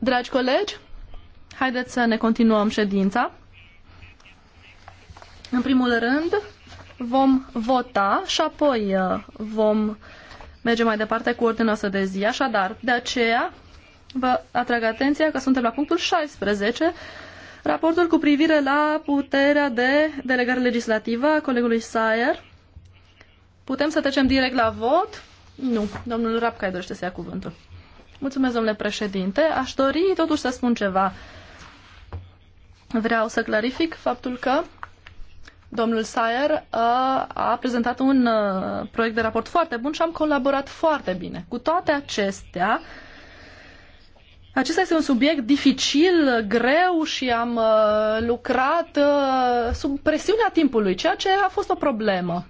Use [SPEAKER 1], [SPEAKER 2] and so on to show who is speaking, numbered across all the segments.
[SPEAKER 1] Dragi colegi, haideți să ne continuăm ședința. În primul rând, vom vota și apoi uh, vom merge mai departe cu ordinea noastră de zi. Așadar, de aceea vă atrag atenția că suntem la punctul 16, raportul cu privire la puterea de delegare legislativă a colegului Sayer. Putem să trecem direct la vot. Nu, domnul Rapcai dorește să ia cuvântul. Mulțumesc, domnule președinte. Aș dori totuși să spun ceva. Vreau să clarific faptul că domnul Sayer uh, a prezentat un uh, proiect de raport foarte bun și am colaborat foarte bine. Cu toate acestea, acesta este un subiect dificil, greu și am uh, lucrat sub presiunea timpului, ceea ce a fost o problemă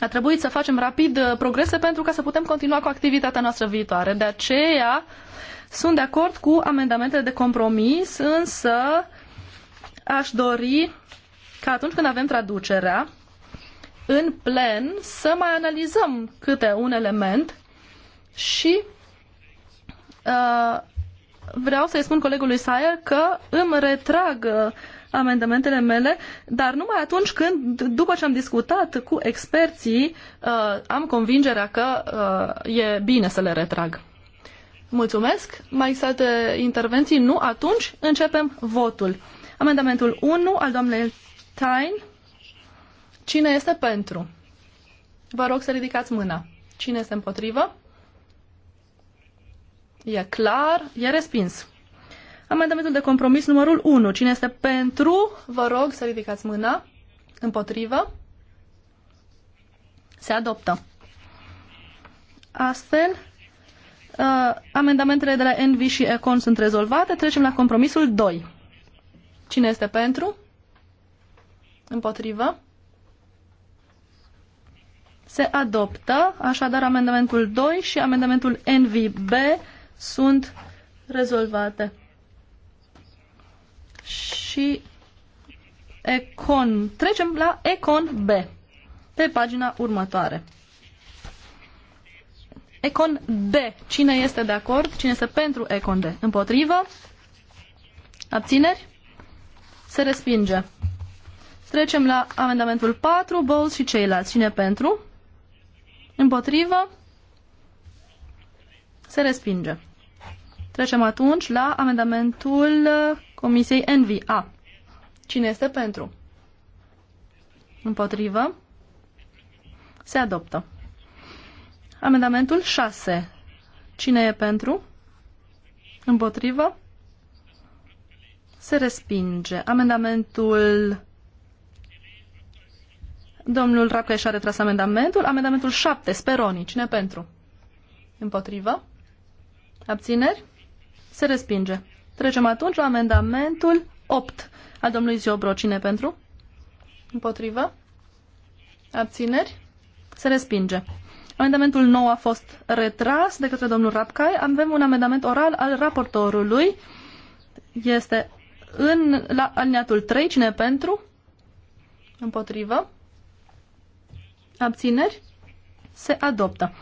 [SPEAKER 1] a trebuit să facem rapid uh, progrese pentru ca să putem continua cu activitatea noastră viitoare. De aceea sunt de acord cu amendamentele de compromis, însă aș dori ca atunci când avem traducerea în plen să mai analizăm câte un element și uh, vreau să-i spun colegului Sayer că îmi retrag uh, amendamentele mele, dar numai atunci când, după ce am discutat cu experții, uh, am convingerea că uh, e bine să le retrag. Mulțumesc. Mai există intervenții? Nu? Atunci începem votul. Amendamentul 1 al doamnei Tain. Cine este pentru? Vă rog să ridicați mâna. Cine este împotrivă? E clar, e respins. Amendamentul de compromis numărul 1. Cine este pentru? Vă rog să ridicați mâna. Împotrivă? Se adoptă. Astfel, uh, amendamentele de la NV și Econ sunt rezolvate. Trecem la compromisul 2. Cine este pentru? Împotrivă? Se adoptă, așadar, amendamentul 2 și amendamentul NVB sunt rezolvate și Econ. Trecem la Econ B, pe pagina următoare. Econ D. Cine este de acord? Cine este pentru Econ D? Împotrivă? Abțineri? Se respinge. Trecem la amendamentul 4, Bowles și ceilalți. Cine pentru? Împotrivă? Se respinge. Trecem atunci la amendamentul Comisiei Envi. A. Cine este pentru? Împotrivă? Se adoptă. Amendamentul 6. Cine e pentru? Împotrivă? Se respinge. Amendamentul... Domnul Rapca a retras amendamentul. Amendamentul 7. Speroni. Cine pentru? Împotrivă? Abțineri? Se respinge. Trecem atunci la amendamentul 8 a domnului Ziobro. Cine pentru? Împotrivă? Abțineri? Se respinge. Amendamentul nou a fost retras de către domnul Rapcai. Avem un amendament oral al raportorului. Este în, la alineatul 3. Cine pentru? Împotrivă? Abțineri? Se adoptă.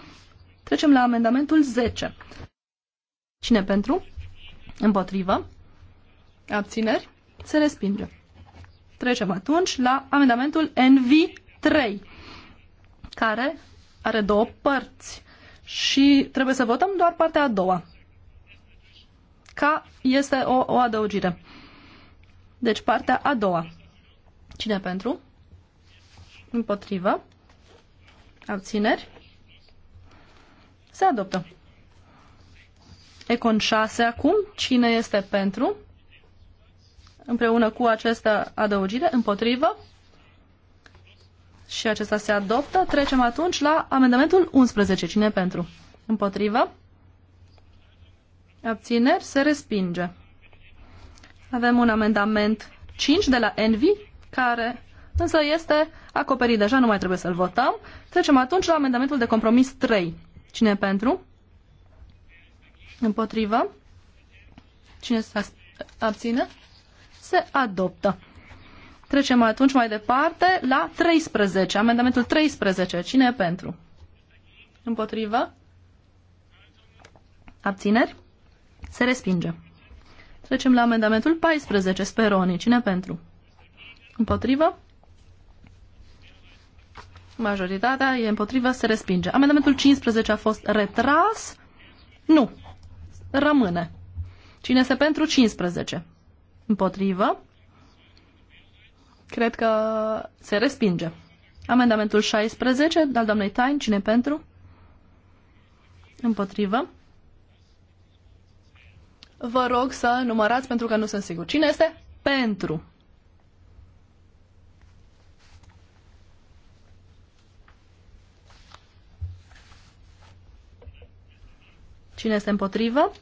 [SPEAKER 1] Trecem la amendamentul 10. Cine pentru? Împotrivă. Abțineri. Se respinge. Trecem atunci la amendamentul NV3, care are două părți și trebuie să votăm doar partea a doua. Ca este o, o adăugire. Deci partea a doua. Cine pentru? Împotrivă. Abțineri. Se adoptă. Econ 6 acum. Cine este pentru? Împreună cu această adăugire, împotrivă. Și acesta se adoptă. Trecem atunci la amendamentul 11. Cine pentru? Împotrivă. Abțineri se respinge. Avem un amendament 5 de la Envy, care însă este acoperit deja, nu mai trebuie să-l votăm. Trecem atunci la amendamentul de compromis 3. Cine pentru? Împotrivă. Cine se abține? Se adoptă. Trecem atunci mai departe la 13. Amendamentul 13. Cine e pentru? Împotrivă? Abțineri? Se respinge. Trecem la amendamentul 14. Speroni. Cine pentru? Împotrivă? Majoritatea e împotrivă, se respinge. Amendamentul 15 a fost retras. Nu rămâne. Cine este pentru 15? Împotrivă? Cred că se respinge. Amendamentul 16 al doamnei Tain. Cine pentru? Împotrivă? Vă rog să numărați pentru că nu sunt sigur. Cine este pentru? Cine este împotrivă?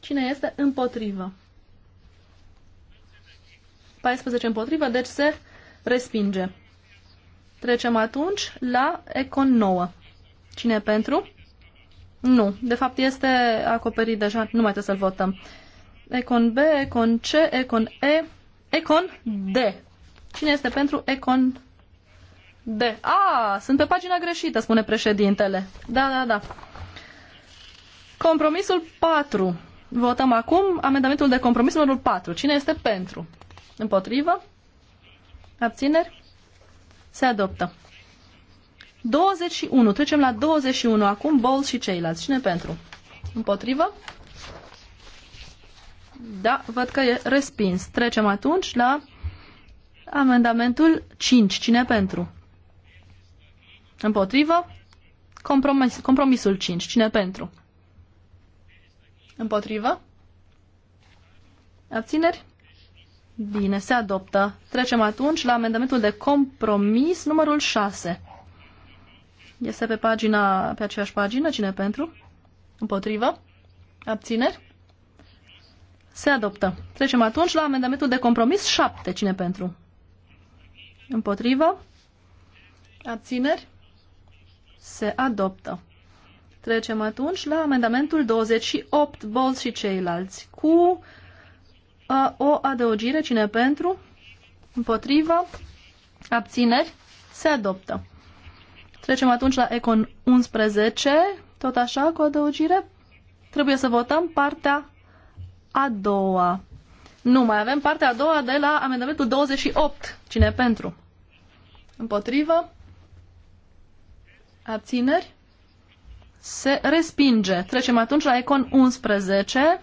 [SPEAKER 1] Cine este împotrivă? 14 împotrivă, deci se respinge. Trecem atunci la Econ 9. Cine e pentru? Nu. De fapt este acoperit deja, nu mai trebuie să-l votăm. Econ B, Econ C, Econ E, Econ D. Cine este pentru Econ B. A, sunt pe pagina greșită, spune președintele. Da, da, da. Compromisul 4. Votăm acum amendamentul de compromis numărul 4. Cine este pentru? Împotrivă? Abțineri? Se adoptă. 21. Trecem la 21 acum, Bol și ceilalți. Cine pentru? Împotrivă? Da, văd că e respins. Trecem atunci la amendamentul 5. Cine pentru? Împotrivă. Compromis, compromisul 5. Cine pentru? Împotrivă. Abțineri? Bine, se adoptă. Trecem atunci la amendamentul de compromis numărul 6. Este pe pagina, pe aceeași pagină. Cine pentru? Împotrivă? Abțineri? Se adoptă. Trecem atunci la amendamentul de compromis 7. Cine pentru? Împotrivă? Abțineri? Se adoptă. Trecem atunci la amendamentul 28, Bols și ceilalți, cu a, o adăugire, cine pentru, împotrivă, abțineri, se adoptă. Trecem atunci la Econ 11, tot așa, cu adăugire. Trebuie să votăm partea a doua. Nu, mai avem partea a doua de la amendamentul 28. Cine pentru? Împotrivă? Abțineri? Se respinge. Trecem atunci la Econ 11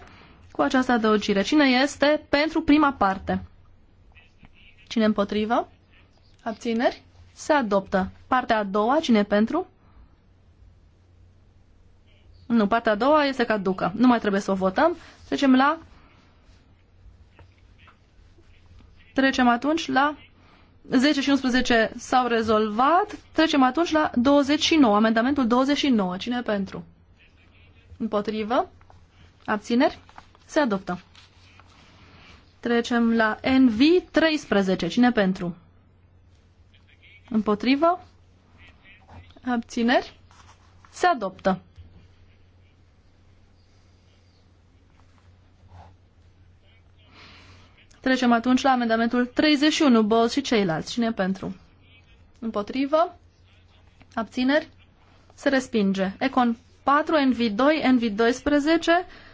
[SPEAKER 1] cu această adăugire. Cine este pentru prima parte? Cine împotrivă? Abțineri? Se adoptă. Partea a doua, cine pentru? Nu, partea a doua este caducă. Nu mai trebuie să o votăm. Trecem la... Trecem atunci la 10 și 11 s-au rezolvat. Trecem atunci la 29, amendamentul 29. Cine e pentru? Împotrivă? Abțineri? Se adoptă. Trecem la NV 13. Cine e pentru? Împotrivă? Abțineri? Se adoptă. Trecem atunci la amendamentul 31, bol și ceilalți. Cine pentru? Împotrivă? Abțineri? Se respinge. Econ 4, NV2, NV12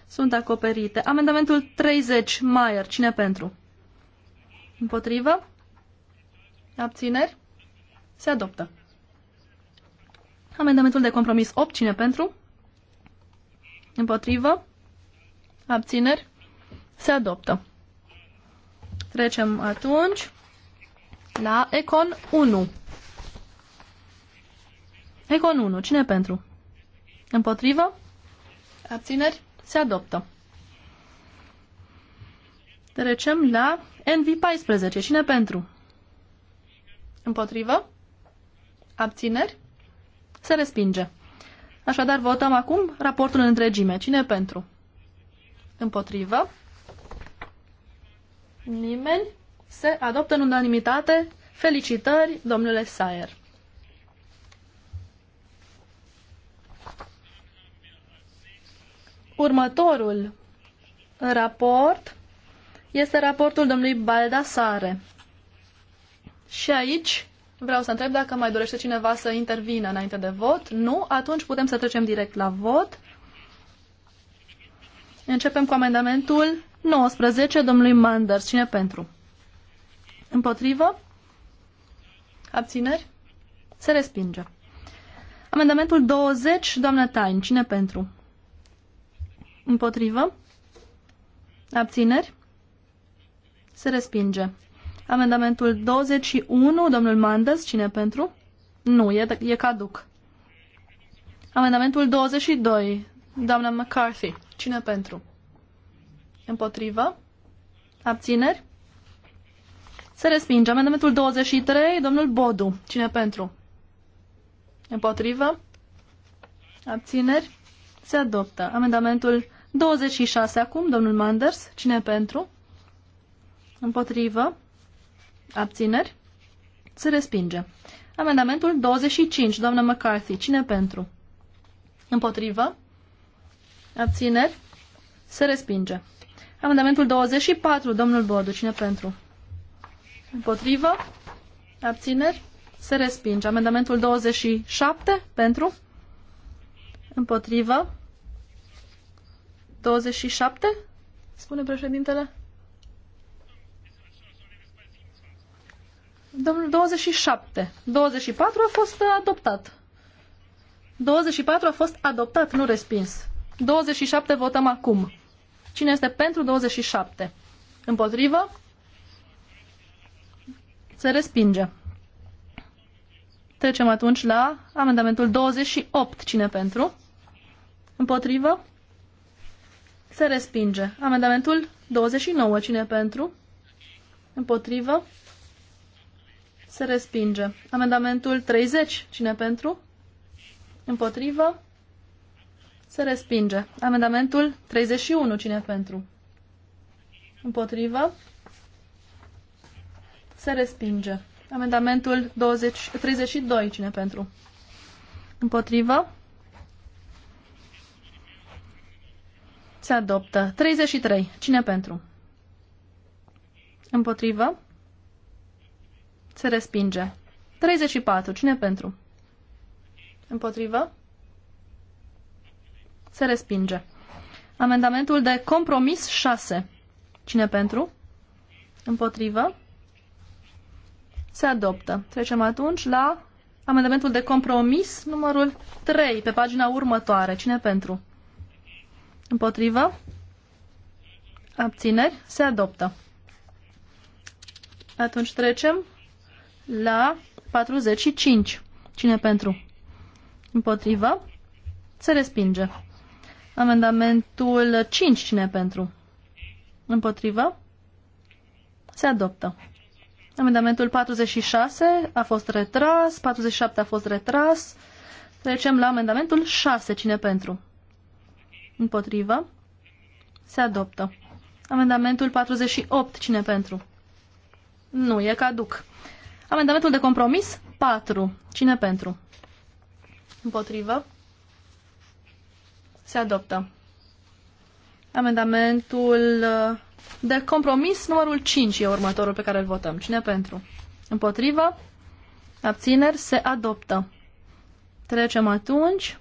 [SPEAKER 1] sunt acoperite. Amendamentul 30, Maier. Cine pentru? Împotrivă? Abțineri? Se adoptă. Amendamentul de compromis 8, cine pentru? Împotrivă? Abțineri? Se adoptă. Trecem atunci la Econ 1. Econ 1. Cine pentru? Împotrivă? Abțineri? Se adoptă. Trecem la NV14. Cine pentru? Împotrivă? Abțineri? Se respinge. Așadar, votăm acum raportul în întregime. Cine pentru? Împotrivă? Nimeni? Se adoptă în unanimitate. Felicitări, domnule Sayer. Următorul raport este raportul domnului Baldasare. Și aici vreau să întreb dacă mai dorește cineva să intervină înainte de vot. Nu? Atunci putem să trecem direct la vot. Începem cu amendamentul 19, domnului Manders. Cine pentru? Împotrivă? Abțineri? Se respinge. Amendamentul 20, doamna Tain. Cine pentru? Împotrivă? Abțineri? Se respinge. Amendamentul 21, domnul Manders. Cine pentru? Nu, e, e caduc. Amendamentul 22, doamna McCarthy. Cine pentru? Împotrivă? Abțineri? Se respinge. Amendamentul 23, domnul Bodu. Cine pentru? Împotrivă? Abțineri? Se adoptă. Amendamentul 26 acum, domnul Manders. Cine pentru? Împotrivă? Abțineri? Se respinge. Amendamentul 25, doamnă McCarthy. Cine pentru? Împotrivă? Abțineri? Se respinge. Amendamentul 24, domnul Bodu, cine pentru? Împotrivă? Abțineri? Se respinge. Amendamentul 27, pentru? Împotrivă? 27? Spune președintele. Domnul 27. 24 a fost adoptat. 24 a fost adoptat, nu respins. 27 votăm acum. Cine este pentru 27? Împotrivă? Se respinge. Trecem atunci la amendamentul 28. Cine pentru? Împotrivă? Se respinge. Amendamentul 29. Cine pentru? Împotrivă? Se respinge. Amendamentul 30. Cine pentru? Împotrivă? Se respinge. Amendamentul 31. Cine pentru? Împotrivă. Se respinge. Amendamentul 20, 32. Cine pentru? Împotrivă. Se adoptă. 33. Cine pentru? Împotrivă. Se respinge. 34. Cine pentru? Împotrivă. Se respinge. Amendamentul de compromis 6. Cine pentru? Împotrivă? Se adoptă. Trecem atunci la amendamentul de compromis numărul 3, pe pagina următoare. Cine pentru? Împotrivă? Abțineri? Se adoptă. Atunci trecem la 45. Cine pentru? Împotrivă? Se respinge. Amendamentul 5, cine pentru? Împotrivă? Se adoptă. Amendamentul 46 a fost retras, 47 a fost retras. Trecem la amendamentul 6, cine pentru? Împotrivă? Se adoptă. Amendamentul 48, cine pentru? Nu, e caduc. Amendamentul de compromis 4, cine pentru? Împotrivă? Se adoptă. Amendamentul uh, de compromis numărul 5 e următorul pe care îl votăm. Cine pentru? Împotrivă? Abțineri? Se adoptă. Trecem atunci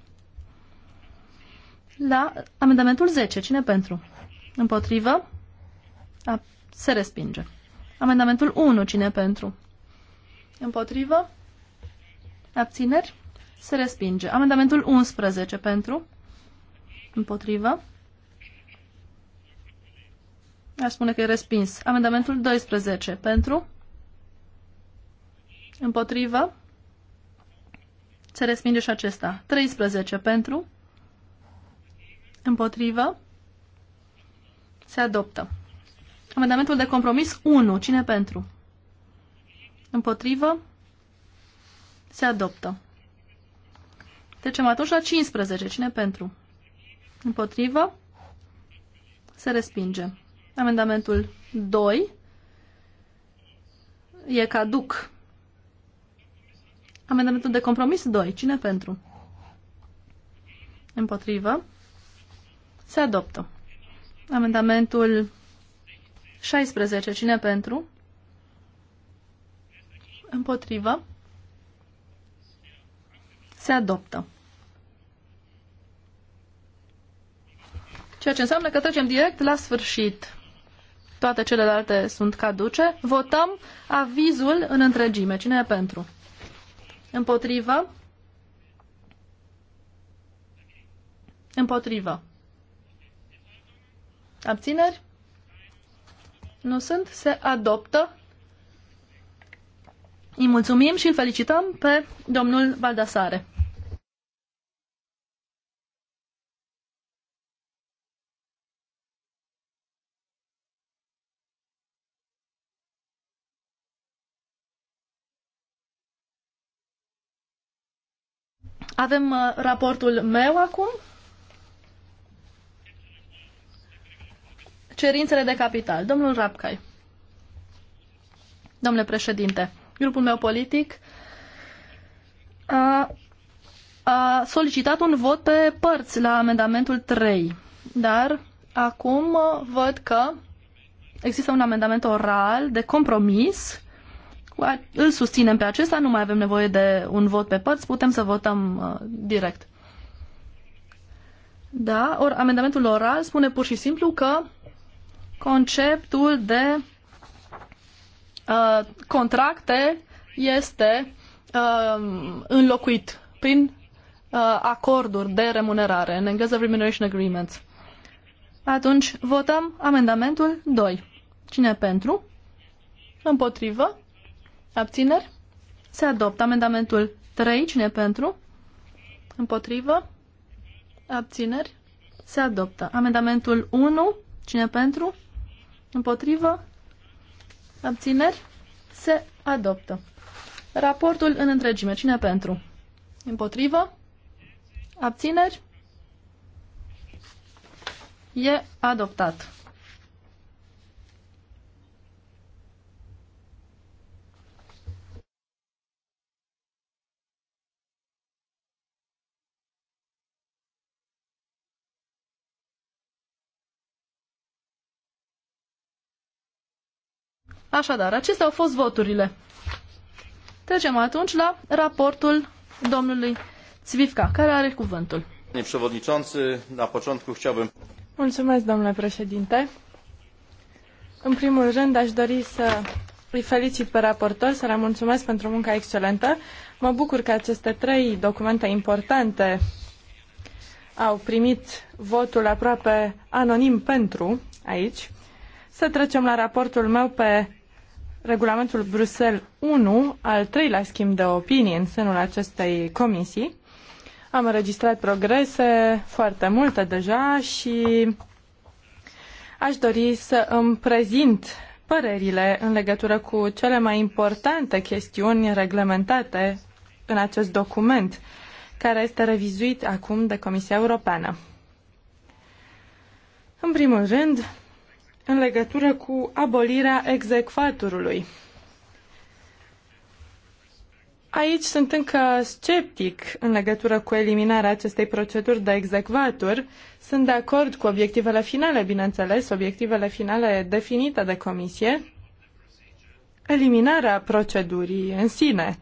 [SPEAKER 1] la amendamentul 10. Cine pentru? Împotrivă? A, se respinge. Amendamentul 1. Cine pentru? Împotrivă? Abțineri? Se respinge. Amendamentul 11. Pentru? Împotrivă. Aș spune că e respins. Amendamentul 12. Pentru? Împotrivă? Se respinge și acesta. 13. Pentru? Împotrivă? Se adoptă. Amendamentul de compromis 1. Cine pentru? Împotrivă? Se adoptă. Trecem atunci la 15. Cine pentru? Împotrivă? Se respinge. Amendamentul 2 e caduc. Amendamentul de compromis 2. Cine pentru? Împotrivă? Se adoptă. Amendamentul 16. Cine pentru? Împotrivă? Se adoptă. Ceea ce înseamnă că trecem direct la sfârșit. Toate celelalte sunt caduce. Votăm avizul în întregime. Cine e pentru? Împotrivă? Împotrivă. Abțineri? Nu sunt. Se adoptă. Îi mulțumim și îl felicităm pe domnul Baldasare. Avem uh, raportul meu acum. Cerințele de capital. Domnul Rapcai. Domnule președinte, grupul meu politic a, a solicitat un vot pe părți la amendamentul 3, dar acum văd că există un amendament oral de compromis îl susținem pe acesta, nu mai avem nevoie de un vot pe părți, putem să votăm uh, direct. Da, or, amendamentul oral spune pur și simplu că conceptul de uh, contracte este uh, înlocuit prin uh, acorduri de remunerare, în engleză remuneration agreements. Atunci votăm amendamentul 2. Cine pentru? Împotrivă? Abțineri? Se adoptă. Amendamentul 3. Cine pentru? Împotrivă? Abțineri? Se adoptă. Amendamentul 1. Cine pentru? Împotrivă? Abțineri? Se adoptă. Raportul în întregime. Cine pentru? Împotrivă? Abțineri? E adoptat. Așadar, acestea au fost voturile. Trecem atunci la raportul domnului Țivivca, care are cuvântul. Mulțumesc,
[SPEAKER 2] domnule președinte. În primul rând, aș dori să îi felicit pe raportor, să le mulțumesc pentru munca excelentă. Mă bucur că aceste trei documente importante au primit votul aproape anonim pentru aici. Să trecem la raportul meu pe regulamentul Bruxelles 1, al treilea schimb de opinii în sânul acestei comisii. Am înregistrat progrese foarte multe deja și aș dori să îmi prezint părerile în legătură cu cele mai importante chestiuni reglementate în acest document, care este revizuit acum de Comisia Europeană. În primul rând, în legătură cu abolirea execvatorului. Aici sunt încă sceptic în legătură cu eliminarea acestei proceduri de execvator. Sunt de acord cu obiectivele finale, bineînțeles, obiectivele finale definite de comisie. Eliminarea procedurii în sine.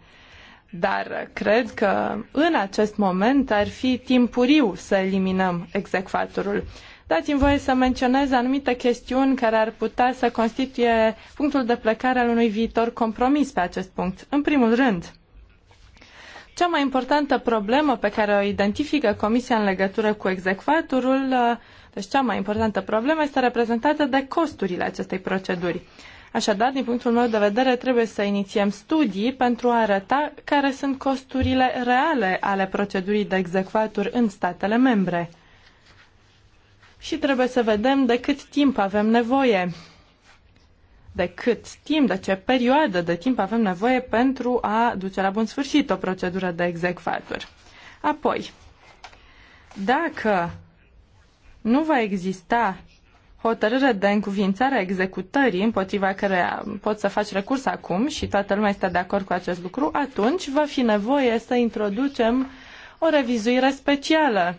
[SPEAKER 2] Dar cred că în acest moment ar fi timpuriu să eliminăm execvatorul. Dați-mi voie să menționez anumite chestiuni care ar putea să constituie punctul de plecare al unui viitor compromis pe acest punct. În primul rând, cea mai importantă problemă pe care o identifică Comisia în legătură cu execvaturul, deci cea mai importantă problemă este reprezentată de costurile acestei proceduri. Așadar, din punctul meu de vedere, trebuie să inițiem studii pentru a arăta care sunt costurile reale ale procedurii de execvatur în statele membre și trebuie să vedem de cât timp avem nevoie. De cât timp, de ce perioadă de timp avem nevoie pentru a duce la bun sfârșit o procedură de execvaturi. Apoi, dacă nu va exista hotărâre de încuvințare a executării împotriva care poți să faci recurs acum și toată lumea este de acord cu acest lucru, atunci va fi nevoie să introducem o revizuire specială,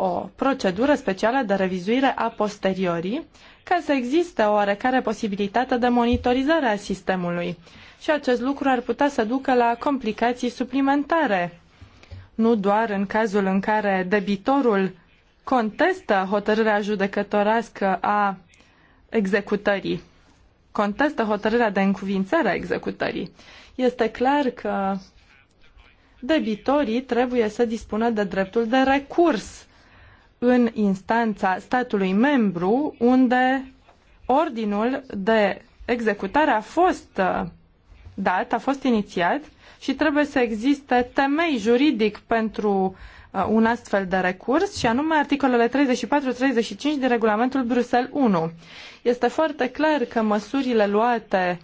[SPEAKER 2] o procedură specială de revizuire a posteriorii, ca să existe o oarecare posibilitate de monitorizare a sistemului. Și acest lucru ar putea să ducă la complicații suplimentare, nu doar în cazul în care debitorul contestă hotărârea judecătorească a executării, contestă hotărârea de încuvințare a executării. Este clar că debitorii trebuie să dispună de dreptul de recurs în instanța statului membru unde ordinul de executare a fost uh, dat, a fost inițiat și trebuie să existe temei juridic pentru uh, un astfel de recurs și anume articolele 34-35 din regulamentul Bruxelles 1. Este foarte clar că măsurile luate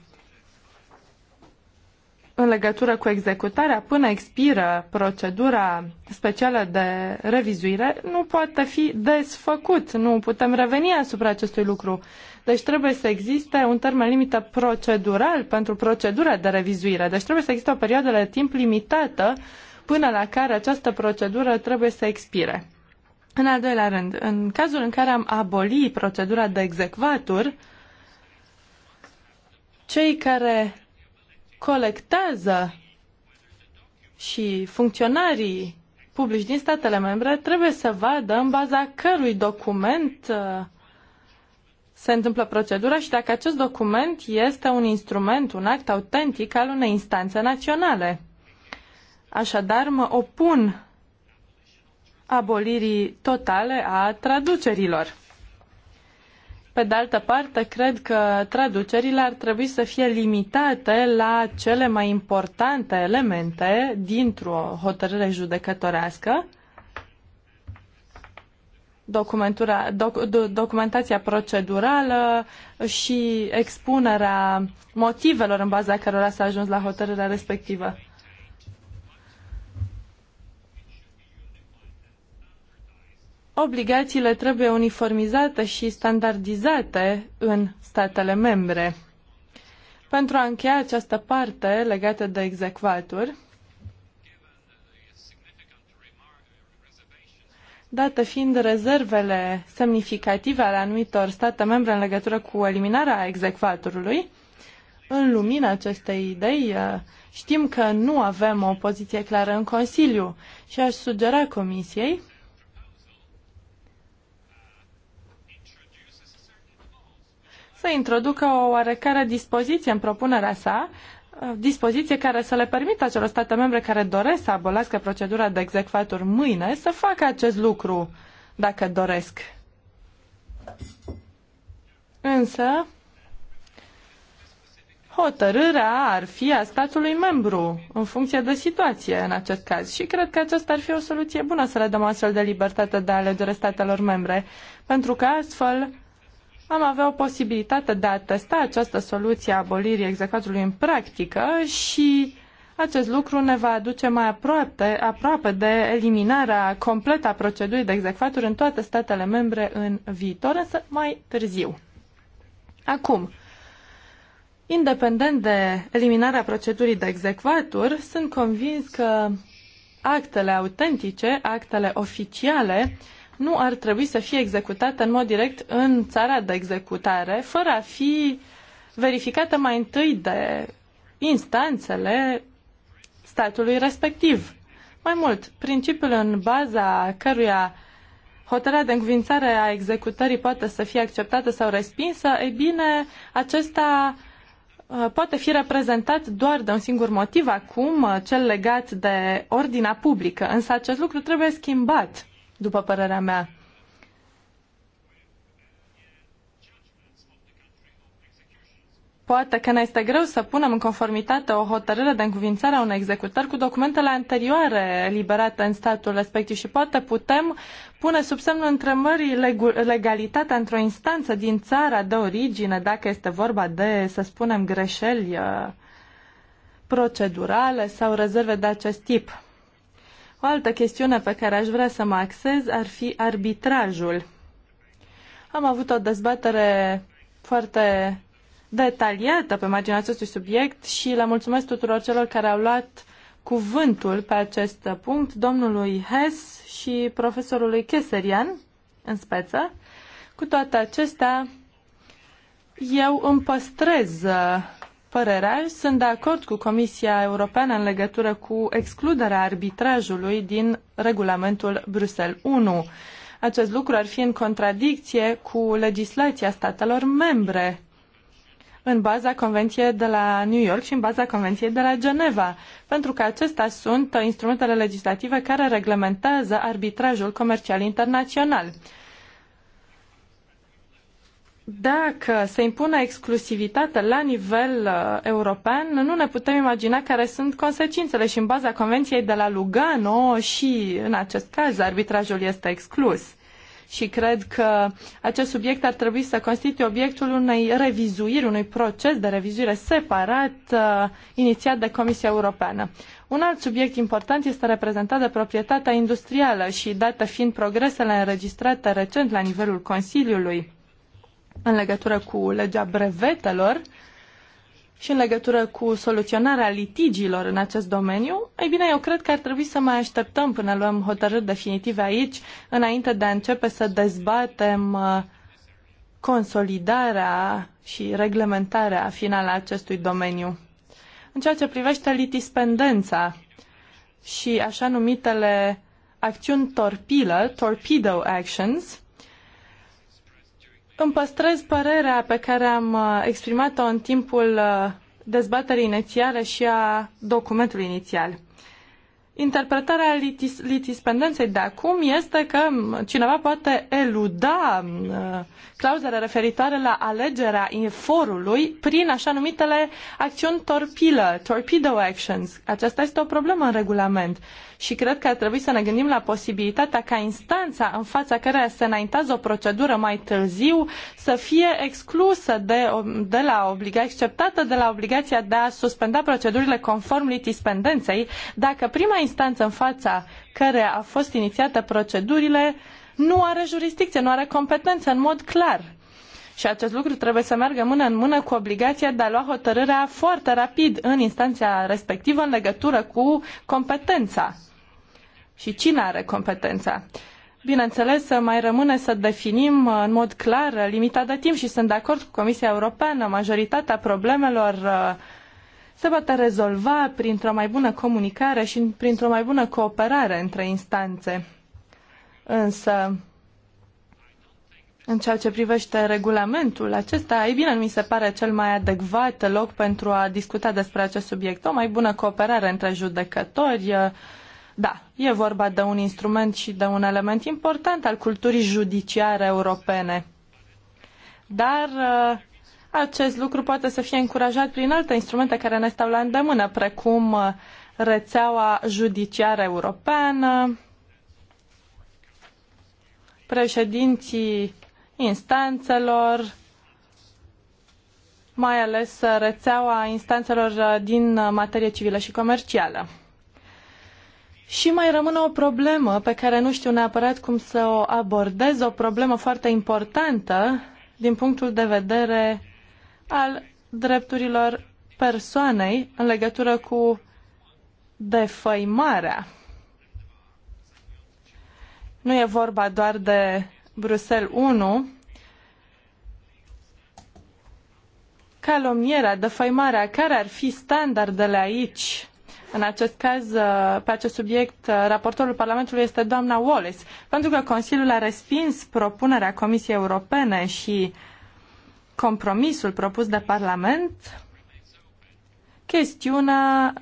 [SPEAKER 2] în legătură cu executarea până expiră procedura specială de revizuire nu poate fi desfăcut. Nu putem reveni asupra acestui lucru. Deci trebuie să existe un termen limită procedural pentru procedura de revizuire. Deci trebuie să existe o perioadă de timp limitată până la care această procedură trebuie să expire. În al doilea rând, în cazul în care am abolit procedura de execvatur, cei care colectează și funcționarii publici din statele membre trebuie să vadă în baza cărui document uh, se întâmplă procedura și dacă acest document este un instrument, un act autentic al unei instanțe naționale. Așadar, mă opun abolirii totale a traducerilor. Pe de altă parte, cred că traducerile ar trebui să fie limitate la cele mai importante elemente dintr-o hotărâre judecătorească. Documentura, doc, documentația procedurală și expunerea motivelor în baza cărora s-a ajuns la hotărârea respectivă. obligațiile trebuie uniformizate și standardizate în statele membre. Pentru a încheia această parte legată de execvaturi, date fiind rezervele semnificative ale anumitor state membre în legătură cu eliminarea execvatorului, în lumina acestei idei, uh, știm că nu avem o poziție clară în Consiliu și aș sugera Comisiei să introducă o oarecare dispoziție în propunerea sa, dispoziție care să le permită acelor state membre care doresc să abolească procedura de execvatur mâine să facă acest lucru dacă doresc. Însă, hotărârea ar fi a statului membru în funcție de situație în acest caz și cred că aceasta ar fi o soluție bună să le dăm astfel de libertate de alegere statelor membre, pentru că astfel am avea o posibilitate de a testa această soluție a abolirii executului în practică și acest lucru ne va aduce mai aproape, aproape de eliminarea completă a procedurii de executuri în toate statele membre în viitor, însă mai târziu. Acum, independent de eliminarea procedurii de execvatur, sunt convins că actele autentice, actele oficiale, uh, nu ar trebui să fie executată în mod direct în țara de executare, fără a fi verificată mai întâi de instanțele statului respectiv. Mai mult, principiul în baza căruia hotărârea de încuvințare a executării poate să fie acceptată sau respinsă, e bine, acesta uh, poate fi reprezentat doar de un singur motiv acum, uh, cel legat de ordinea publică, însă acest lucru trebuie schimbat după părerea mea. Poate că ne este greu să punem în conformitate o hotărâre de încuvințare a unei executări cu documentele anterioare eliberate în statul respectiv și poate putem pune sub semnul întrebării legalitatea într-o instanță din țara de origine, dacă este vorba de, să spunem, greșeli uh, procedurale sau rezerve de acest tip. O altă chestiune pe care aș vrea să mă axez ar fi arbitrajul. Am avut o dezbatere foarte detaliată pe marginea acestui subiect și le mulțumesc tuturor celor care au luat cuvântul pe acest punct, domnului Hess și profesorului Keserian, în speță. Cu toate acestea, eu îmi păstrez părerea. Sunt de acord cu Comisia Europeană în legătură cu excluderea arbitrajului din regulamentul Bruxelles 1. Acest lucru ar fi în contradicție cu legislația statelor membre în baza Convenției de la New York și în baza Convenției de la Geneva, pentru că acestea sunt instrumentele legislative care reglementează arbitrajul comercial internațional dacă se impune exclusivitatea la nivel uh, european, nu ne putem imagina care sunt consecințele și în baza convenției de la Lugano și în acest caz arbitrajul este exclus. Și cred că acest subiect ar trebui să constituie obiectul unei revizuiri, unui proces de revizuire separat uh, inițiat de Comisia Europeană. Un alt subiect important este reprezentat de proprietatea industrială și, dată fiind progresele înregistrate recent la nivelul Consiliului, în legătură cu legea brevetelor și în legătură cu soluționarea litigiilor în acest domeniu, ei bine, eu cred că ar trebui să mai așteptăm până luăm hotărâri definitive aici, înainte de a începe să dezbatem uh, consolidarea și reglementarea finală a acestui domeniu. În ceea ce privește litispendența și așa numitele acțiuni torpilă, torpedo actions, îmi păstrez părerea pe care am uh, exprimat-o în timpul uh, dezbaterii inițiale și a documentului inițial. Interpretarea litis, litispendenței de acum este că cineva poate eluda uh, clauzele referitoare la alegerea forului prin așa numitele acțiuni torpilă, torpedo actions. Aceasta este o problemă în regulament și cred că ar trebui să ne gândim la posibilitatea ca instanța în fața care se înaintează o procedură mai târziu să fie exclusă de, de la obliga, exceptată de la obligația de a suspenda procedurile conform litispendenței, dacă prima instanță în fața care a fost inițiată procedurile nu are jurisdicție, nu are competență în mod clar. Și acest lucru trebuie să meargă mână în mână cu obligația de a lua hotărârea foarte rapid în instanța respectivă în legătură cu competența. Și cine are competența? Bineînțeles, mai rămâne să definim uh, în mod clar uh, limita de timp și sunt de acord cu Comisia Europeană. Majoritatea problemelor uh, se poate rezolva printr-o mai bună comunicare și printr-o mai bună cooperare între instanțe. Însă, în ceea ce privește regulamentul acesta, ei bine, mi se pare cel mai adecvat loc pentru a discuta despre acest subiect. O mai bună cooperare între judecători. Eh, da, e vorba de un instrument și de un element important al culturii judiciare europene. Dar eh, acest lucru poate să fie încurajat prin alte instrumente care ne stau la îndemână, precum eh, rețeaua judiciară europeană, președinții instanțelor, mai ales rețeaua instanțelor din materie civilă și comercială. Și mai rămâne o problemă pe care nu știu neapărat cum să o abordez, o problemă foarte importantă din punctul de vedere al drepturilor persoanei în legătură cu defăimarea. Nu e vorba doar de Bruxelles 1, calomniera, defăimarea, care ar fi standardele aici? În acest caz, uh, pe acest subiect, uh, raportorul Parlamentului este doamna Wallace, pentru că Consiliul a respins propunerea Comisiei Europene și compromisul propus de Parlament, chestiunea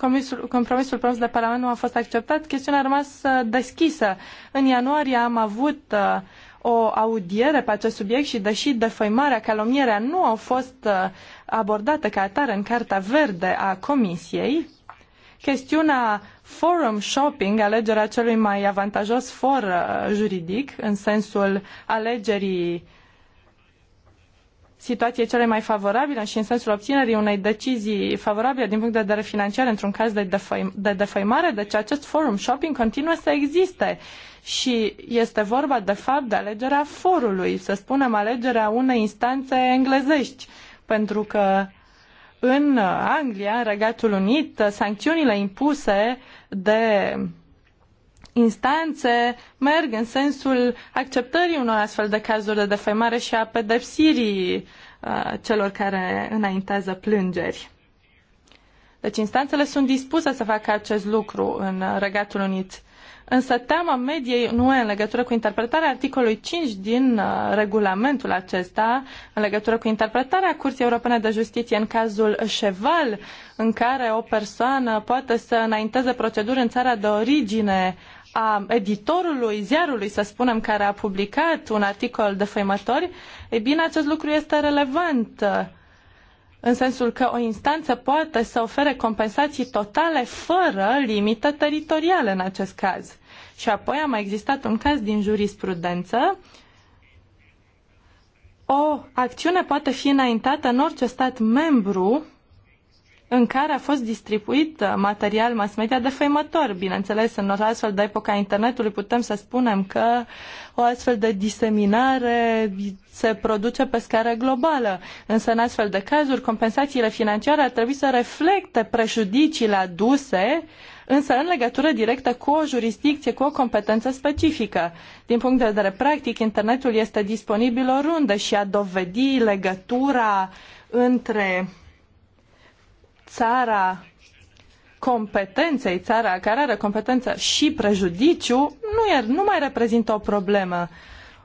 [SPEAKER 2] Comisul, compromisul propus de Parlament nu a fost acceptat, chestiunea a rămas uh, deschisă. În ianuarie am avut uh, o audiere pe acest subiect și deși defăimarea, calomierea nu au fost uh, abordate ca atare în Carta Verde a Comisiei, chestiunea forum shopping, alegerea celui mai avantajos for juridic, în sensul alegerii uh, situație cele mai favorabile și în sensul obținerii unei decizii favorabile din punct de vedere financiar într-un caz de, defăim, de defăimare, deci acest forum shopping continuă să existe și este vorba de fapt de alegerea forului, să spunem alegerea unei instanțe englezești, pentru că în Anglia, în Regatul Unit, sancțiunile impuse de instanțe merg în sensul acceptării unor astfel de cazuri de defăimare și a pedepsirii uh, celor care înaintează plângeri. Deci instanțele sunt dispuse să facă acest lucru în Regatul Unit. Însă teama mediei nu e în legătură cu interpretarea articolului 5 din uh, regulamentul acesta, în legătură cu interpretarea Curții Europene de Justiție în cazul Cheval, în care o persoană poate să înainteze proceduri în țara de origine a editorului ziarului, să spunem, care a publicat un articol de făimători, e bine, acest lucru este relevant uh, în sensul că o instanță poate să ofere compensații totale fără limită teritorială în acest caz. Și apoi a mai existat un caz din jurisprudență. O acțiune poate fi înaintată în orice stat membru în care a fost distribuit uh, material mass media defăimător. Bineînțeles, în o astfel de epoca internetului putem să spunem că o astfel de diseminare se produce pe scară globală. Însă, în astfel de cazuri, compensațiile financiare ar trebui să reflecte prejudiciile aduse însă în legătură directă cu o jurisdicție, cu o competență specifică. Din punct de vedere practic, internetul este disponibil oriunde și a dovedi legătura între țara competenței, țara care are competență și prejudiciu, nu, e, nu mai reprezintă o problemă.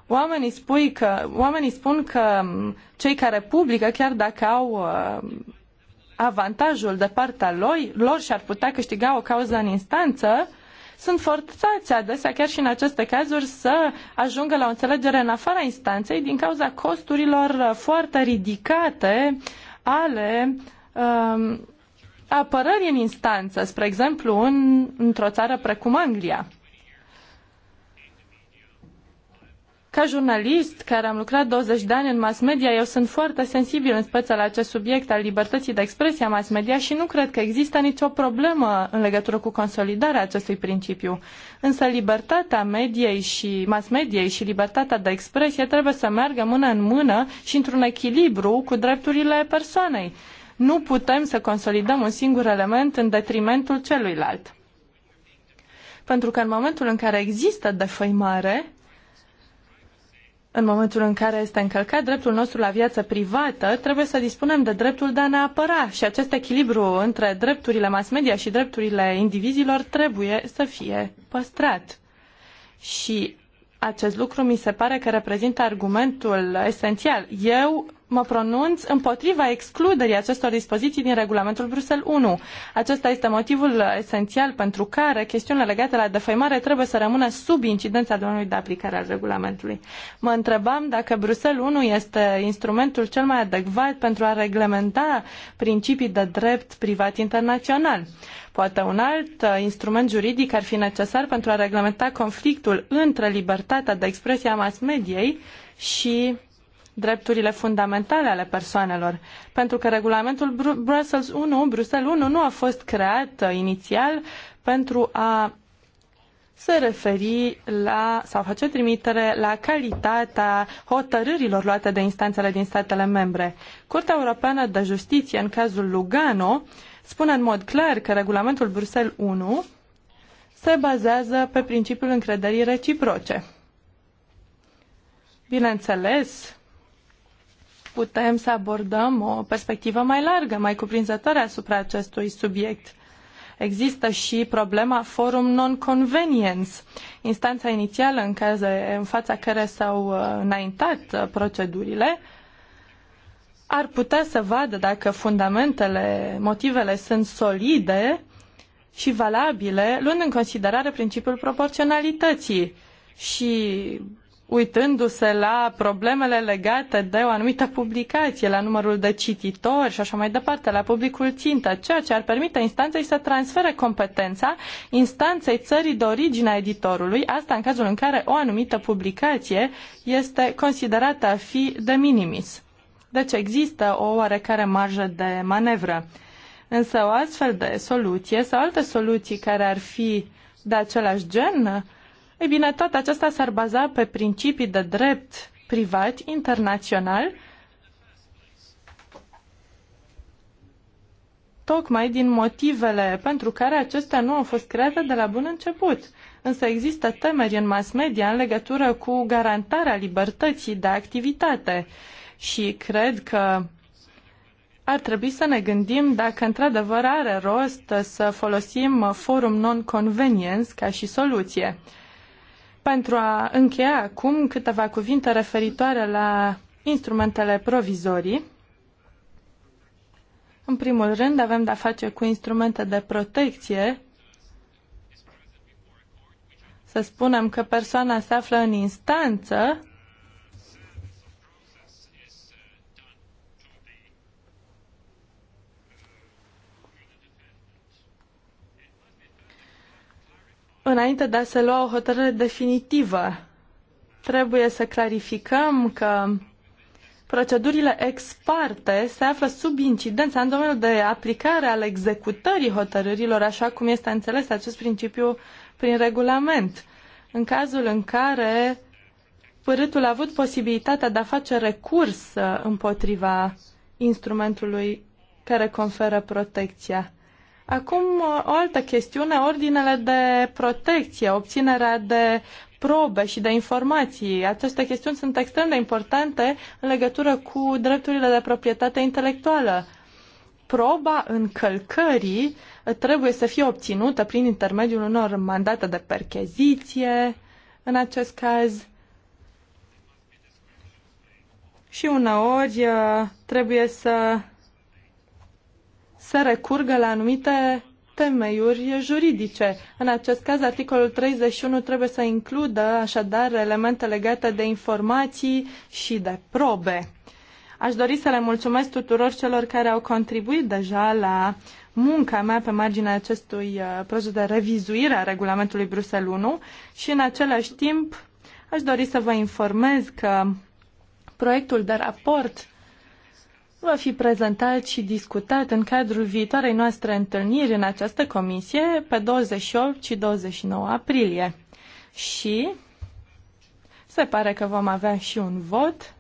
[SPEAKER 2] Oamenii, spui că, oamenii spun că cei care publică, chiar dacă au uh, avantajul de partea lor, lor și-ar putea câștiga o cauză în instanță, sunt forțați adesea, chiar și în aceste cazuri, să ajungă la o înțelegere în afara instanței din cauza costurilor uh, foarte ridicate ale um, apărări în instanță, spre exemplu în, într-o țară precum Anglia. Ca jurnalist care am lucrat 20 de ani în mass media, eu sunt foarte sensibil în speță la acest subiect al libertății de expresie a mass media și nu cred că există nicio problemă în legătură cu consolidarea acestui principiu. Însă libertatea mediei și mass mediei și libertatea de expresie trebuie să meargă mână în mână și într-un echilibru cu drepturile persoanei. Nu putem să consolidăm un singur element în detrimentul celuilalt. Pentru că în momentul în care există defăimare, în momentul în care este încălcat dreptul nostru la viață privată, trebuie să dispunem de dreptul de a ne apăra și acest echilibru între drepturile mass media și drepturile indivizilor trebuie să fie păstrat. Și acest lucru mi se pare că reprezintă argumentul esențial. Eu mă pronunț împotriva excluderii acestor dispoziții din regulamentul Bruxelles 1. Acesta este motivul esențial pentru care chestiunile legate la defăimare trebuie să rămână sub incidența domeniului de aplicare al regulamentului. Mă întrebam dacă Bruxelles 1 este instrumentul cel mai adecvat pentru a reglementa principii de drept privat internațional. Poate un alt uh, instrument juridic ar fi necesar pentru a reglementa conflictul între libertatea de expresie a mass mediei și drepturile fundamentale ale persoanelor, pentru că regulamentul Brussels 1, Bruxelles 1 nu a fost creat uh, inițial pentru a se referi la sau face trimitere la calitatea hotărârilor luate de instanțele din statele membre. Curtea Europeană de Justiție în cazul Lugano spune în mod clar că regulamentul Bruxelles 1 se bazează pe principiul încrederii reciproce. Bineînțeles, putem să abordăm o perspectivă mai largă, mai cuprinzătoare asupra acestui subiect. Există și problema forum non-convenience, instanța inițială în, caz, în fața care s-au uh, înaintat uh, procedurile, ar putea să vadă dacă fundamentele, motivele sunt solide și valabile, luând în considerare principiul proporționalității și uitându-se la problemele legate de o anumită publicație, la numărul de cititori și așa mai departe, la publicul țintă, ceea ce ar permite instanței să transfere competența instanței țării de origine a editorului, asta în cazul în care o anumită publicație este considerată a fi de minimis. Deci există o oarecare marjă de manevră. Însă o astfel de soluție sau alte soluții care ar fi de același gen, ei bine, toată aceasta s-ar baza pe principii de drept privat internațional, tocmai din motivele pentru care acestea nu au fost create de la bun început. Însă există temeri în mass media în legătură cu garantarea libertății de activitate. Uh, și cred că ar trebui să ne gândim dacă într-adevăr are rost să folosim forum non-convenience ca și soluție. Pentru a încheia acum câteva cuvinte referitoare la instrumentele provizorii, în primul rând avem de-a face cu instrumente de protecție să spunem că persoana se află în instanță înainte de a se lua o hotărâre definitivă. Trebuie să clarificăm că procedurile ex parte se află sub incidența în domeniul de aplicare al executării hotărârilor, așa cum este înțeles acest principiu prin regulament. În cazul în care părâtul a avut posibilitatea de a face recurs uh, împotriva instrumentului care conferă protecția. Acum, uh, o altă chestiune, ordinele de protecție, obținerea de probe și de informații. Aceste chestiuni sunt extrem de importante în legătură cu drepturile de proprietate intelectuală. Proba încălcării uh, trebuie să fie obținută prin intermediul unor mandate de percheziție, în acest caz. Și uneori uh, trebuie să se recurgă la anumite temeiuri juridice. În acest caz, articolul 31 trebuie să includă așadar elemente legate de informații și de probe. Aș dori să le mulțumesc tuturor celor care au contribuit deja la munca mea pe marginea acestui uh, proces de revizuire a regulamentului Bruxelles 1 și în același timp aș dori să vă informez că proiectul de raport va fi prezentat și discutat în cadrul viitoarei noastre întâlniri în această comisie pe 28 și 29 aprilie. Și se pare că vom avea și un vot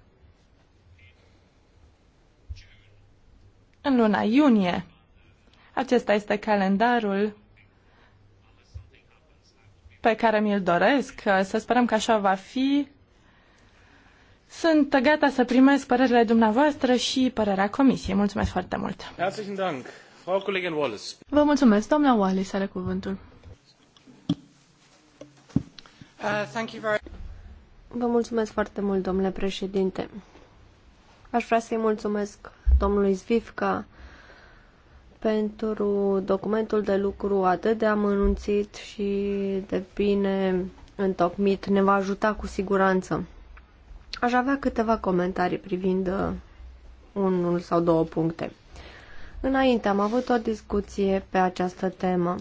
[SPEAKER 2] în luna iunie. Acesta este calendarul pe care mi-l doresc. Să sperăm că așa va fi sunt gata să primesc părerile dumneavoastră și părerea comisiei. Mulțumesc foarte mult.
[SPEAKER 3] Vă mulțumesc. Doamna Wallace are cuvântul. Uh, Vă mulțumesc foarte mult, domnule președinte. Aș vrea să-i mulțumesc domnului Zvifca pentru documentul de lucru atât de amănunțit și de bine întocmit. Ne va ajuta cu siguranță. Aș avea câteva comentarii privind uh, unul sau două puncte. Înainte am avut o discuție pe această temă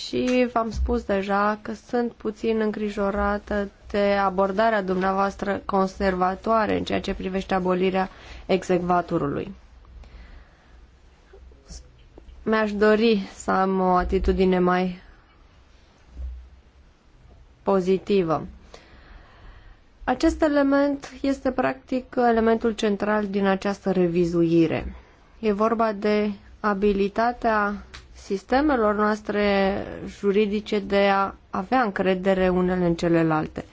[SPEAKER 3] și v-am spus deja că sunt puțin îngrijorată de abordarea dumneavoastră conservatoare în ceea ce privește abolirea execvatorului. Mi-aș dori să am o atitudine mai pozitivă. Acest element este practic elementul central din această revizuire. E vorba de abilitatea sistemelor noastre juridice de a avea încredere unele în celelalte.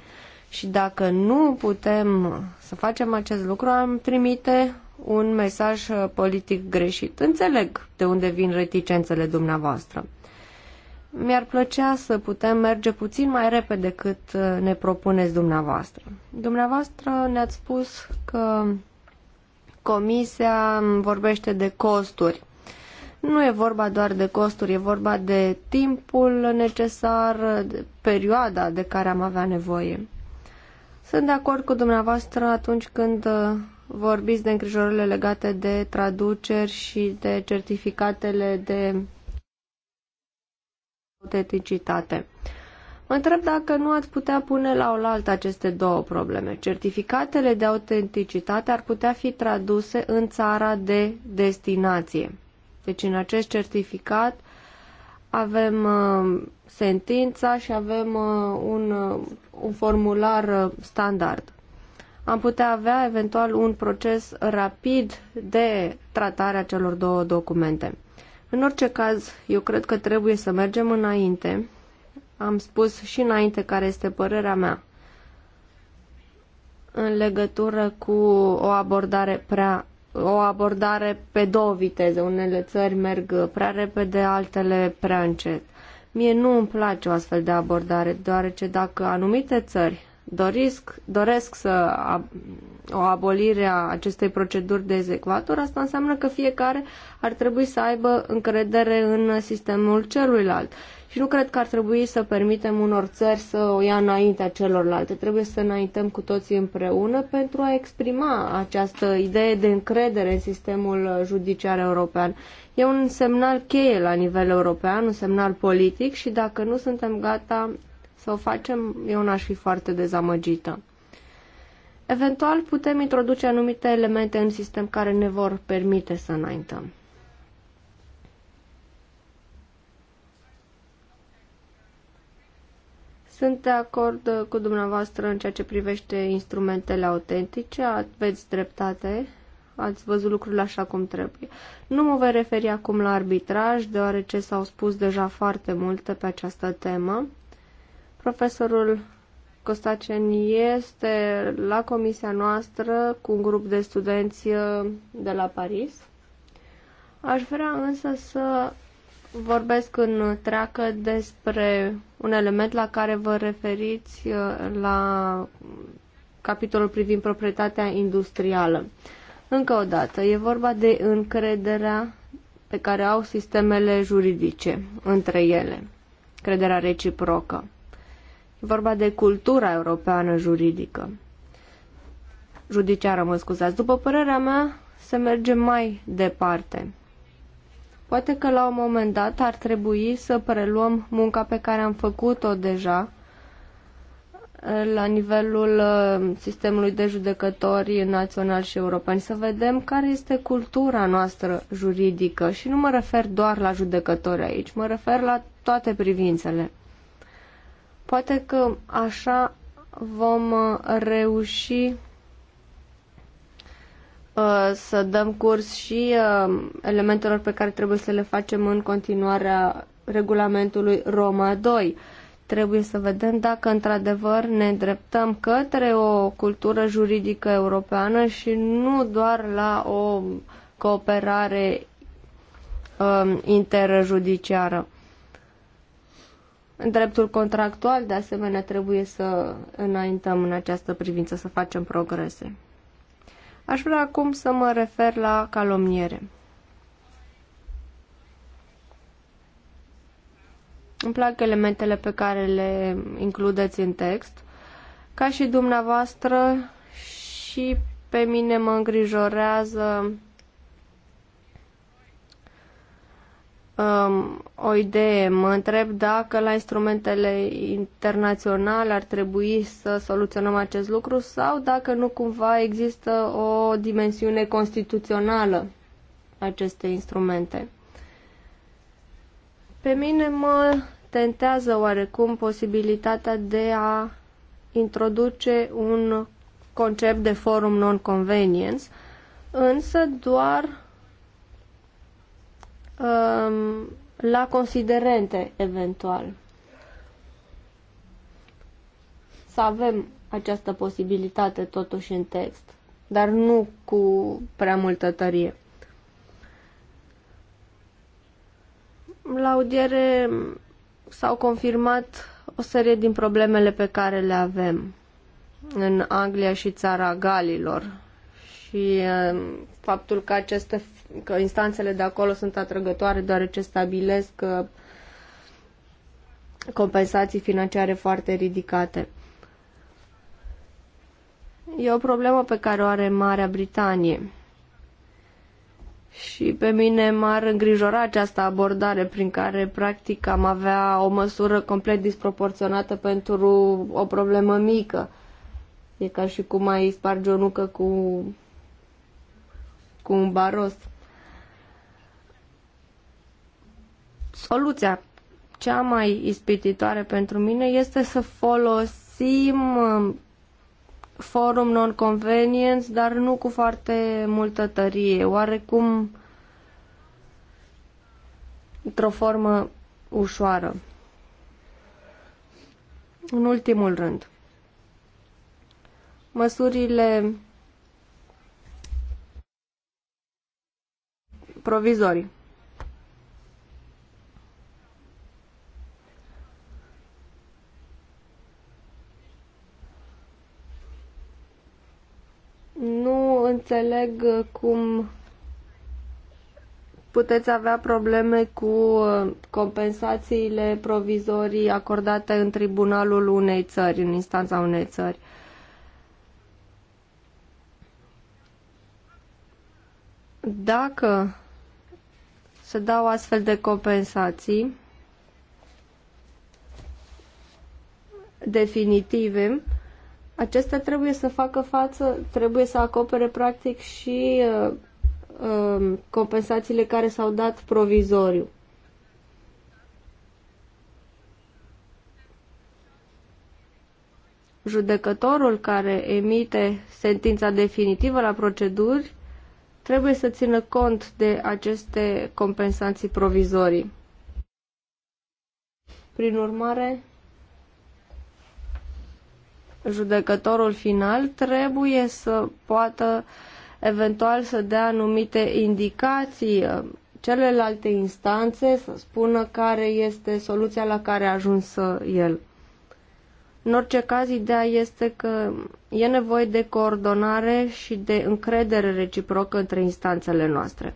[SPEAKER 3] Și dacă nu putem să facem acest lucru, am trimite un mesaj politic greșit. Înțeleg de unde vin reticențele dumneavoastră mi-ar plăcea să putem merge puțin mai repede decât uh, ne propuneți dumneavoastră. Dumneavoastră ne-ați spus că comisia vorbește de costuri. Nu e vorba doar de costuri, e vorba de timpul necesar, de perioada de care am avea nevoie. Sunt de acord cu dumneavoastră atunci când uh, vorbiți de îngrijorările legate de traduceri și de certificatele de autenticitate. Mă întreb dacă nu ați putea pune la oaltă aceste două probleme. Certificatele de autenticitate ar putea fi traduse în țara de destinație. Deci în acest certificat avem uh, sentința și avem uh, un, uh, un formular uh, standard. Am putea avea eventual un proces rapid de tratare a celor două documente. În orice caz, eu cred că trebuie să mergem înainte. Am spus și înainte care este părerea mea în legătură cu o abordare prea o abordare pe două viteze. Unele țări merg prea repede, altele prea încet. Mie nu îmi place o astfel de abordare, deoarece dacă anumite țări doresc, doresc să o abolire a acestei proceduri de execvator, asta înseamnă că fiecare ar trebui să aibă încredere în sistemul celuilalt. Și nu cred că ar trebui să permitem unor țări să o ia înaintea celorlalte. Trebuie să înaintăm cu toții împreună pentru a exprima această idee de încredere în sistemul judiciar european. E un semnal cheie la nivel european, un semnal politic și dacă nu suntem gata să o facem, eu n-aș fi foarte dezamăgită. Eventual putem introduce anumite elemente în sistem care ne vor permite să înaintăm. Sunt de acord cu dumneavoastră în ceea ce privește instrumentele autentice, aveți dreptate, ați văzut lucrurile așa cum trebuie. Nu mă voi referi acum la arbitraj, deoarece s-au spus deja foarte multe pe această temă. Profesorul Costacen este la comisia noastră cu un grup de studenți uh, de la Paris. Aș vrea însă să vorbesc în treacă despre un element la care vă referiți uh, la capitolul privind proprietatea industrială. Încă o dată, e vorba de încrederea pe care au sistemele juridice între ele, crederea reciprocă. E vorba de cultura europeană juridică. Judiciară, mă scuzați. După părerea mea, se merge mai departe. Poate că la un moment dat ar trebui să preluăm munca pe care am făcut-o deja eh, la nivelul eh, sistemului de judecători național și europeni, să vedem care este cultura noastră juridică și nu mă refer doar la judecători aici, mă refer la toate privințele. Poate că așa vom uh, reuși uh, să dăm curs și uh, elementelor pe care trebuie să le facem în continuarea regulamentului Roma 2. Trebuie să vedem dacă într-adevăr ne îndreptăm către o cultură juridică europeană și nu doar la o cooperare um, interjudiciară. În dreptul contractual, de asemenea, trebuie să înaintăm în această privință, să facem progrese. Aș vrea acum să mă refer la calomniere. Îmi plac elementele pe care le includeți în text. Ca și dumneavoastră, și pe mine mă îngrijorează um, o idee. Mă întreb dacă la instrumentele internaționale ar trebui să soluționăm acest lucru sau dacă nu cumva există o dimensiune constituțională aceste instrumente. Pe mine mă tentează oarecum posibilitatea de a introduce un concept de forum non-convenience, însă doar um, la considerente eventual. Să avem această posibilitate totuși în text, dar nu cu prea multă tărie. La audiere s-au confirmat o serie din problemele pe care le avem în Anglia și țara Galilor și um, faptul că aceste că instanțele de acolo sunt atrăgătoare deoarece stabilesc uh, compensații financiare foarte ridicate. E o problemă pe care o are Marea Britanie. Și pe mine m-ar îngrijora această abordare prin care practic am avea o măsură complet disproporționată pentru o problemă mică. E ca și cum ai sparge o nucă cu, cu un baros. Soluția cea mai ispititoare pentru mine este să folosim um, forum non-convenience, dar nu cu foarte multă tărie, oarecum într-o formă ușoară. În ultimul rând, măsurile provizorii. înțeleg uh, cum puteți avea probleme cu uh, compensațiile provizorii acordate în tribunalul unei țări, în instanța unei țări. Dacă se dau astfel de compensații definitive, Acestea trebuie să facă față, trebuie să acopere practic și uh, uh, compensațiile care s-au dat provizoriu. Judecătorul care emite sentința definitivă la proceduri trebuie să țină cont de aceste compensații provizorii. Prin urmare, judecătorul final trebuie să poată eventual să dea anumite indicații uh, celelalte instanțe să spună care este soluția la care a ajuns el. În orice caz, ideea este că e nevoie de coordonare și de încredere reciprocă între instanțele noastre.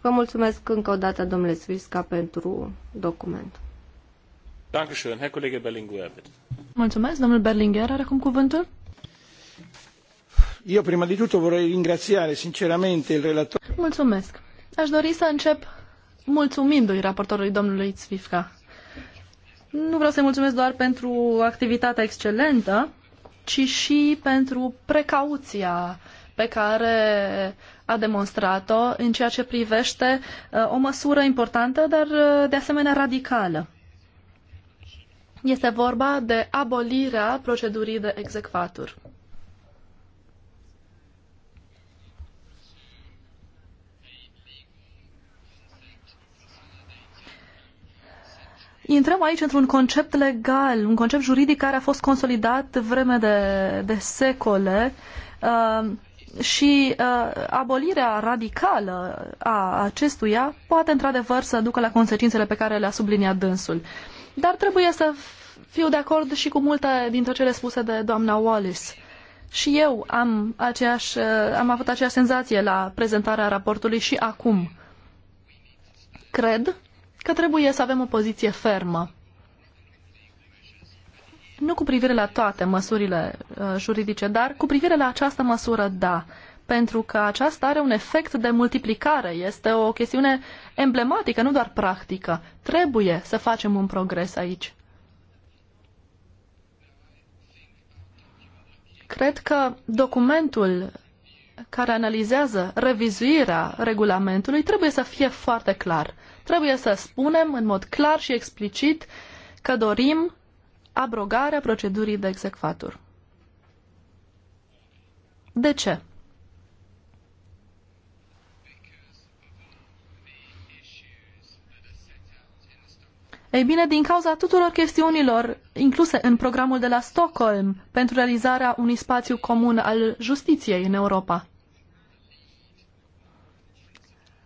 [SPEAKER 3] Vă mulțumesc încă o dată, domnule Svisca,
[SPEAKER 1] pentru document. Mulțumesc, domnul Berlinguer are cuvântul.
[SPEAKER 3] Eu prima di tutto vorrei ringraziare
[SPEAKER 2] sinceramente il relatore.
[SPEAKER 1] Mulțumesc. Aș dori să încep mulțumindu-i raportorului domnului Zvifka. Nu vreau să-i mulțumesc doar pentru activitatea excelentă, ci și pentru precauția pe care a demonstrat-o în ceea ce privește uh, o măsură importantă, dar uh, de asemenea radicală. Este vorba de abolirea procedurii de execvatur. Intrăm aici într-un concept legal, un concept juridic care a fost consolidat vreme de, de secole uh, și uh, abolirea radicală a acestuia poate într-adevăr să ducă la consecințele pe care le-a subliniat dânsul. Uh, dar trebuie să fiu de acord și cu multe dintre cele spuse de doamna Wallis. Și eu am, aceeași, am avut aceeași senzație la prezentarea raportului și acum. Cred că trebuie să avem o poziție fermă. Nu cu privire la toate măsurile uh, juridice, dar cu privire la această măsură, da pentru că aceasta are un efect de multiplicare. Este o chestiune emblematică, nu doar practică. Trebuie să facem un progres aici. Cred că documentul care analizează revizuirea regulamentului trebuie să fie foarte clar. Trebuie să spunem în mod clar și explicit că dorim abrogarea procedurii de execvatur. De ce? Ei bine, din cauza tuturor chestiunilor incluse în programul de la Stockholm pentru realizarea unui spațiu comun al justiției în Europa.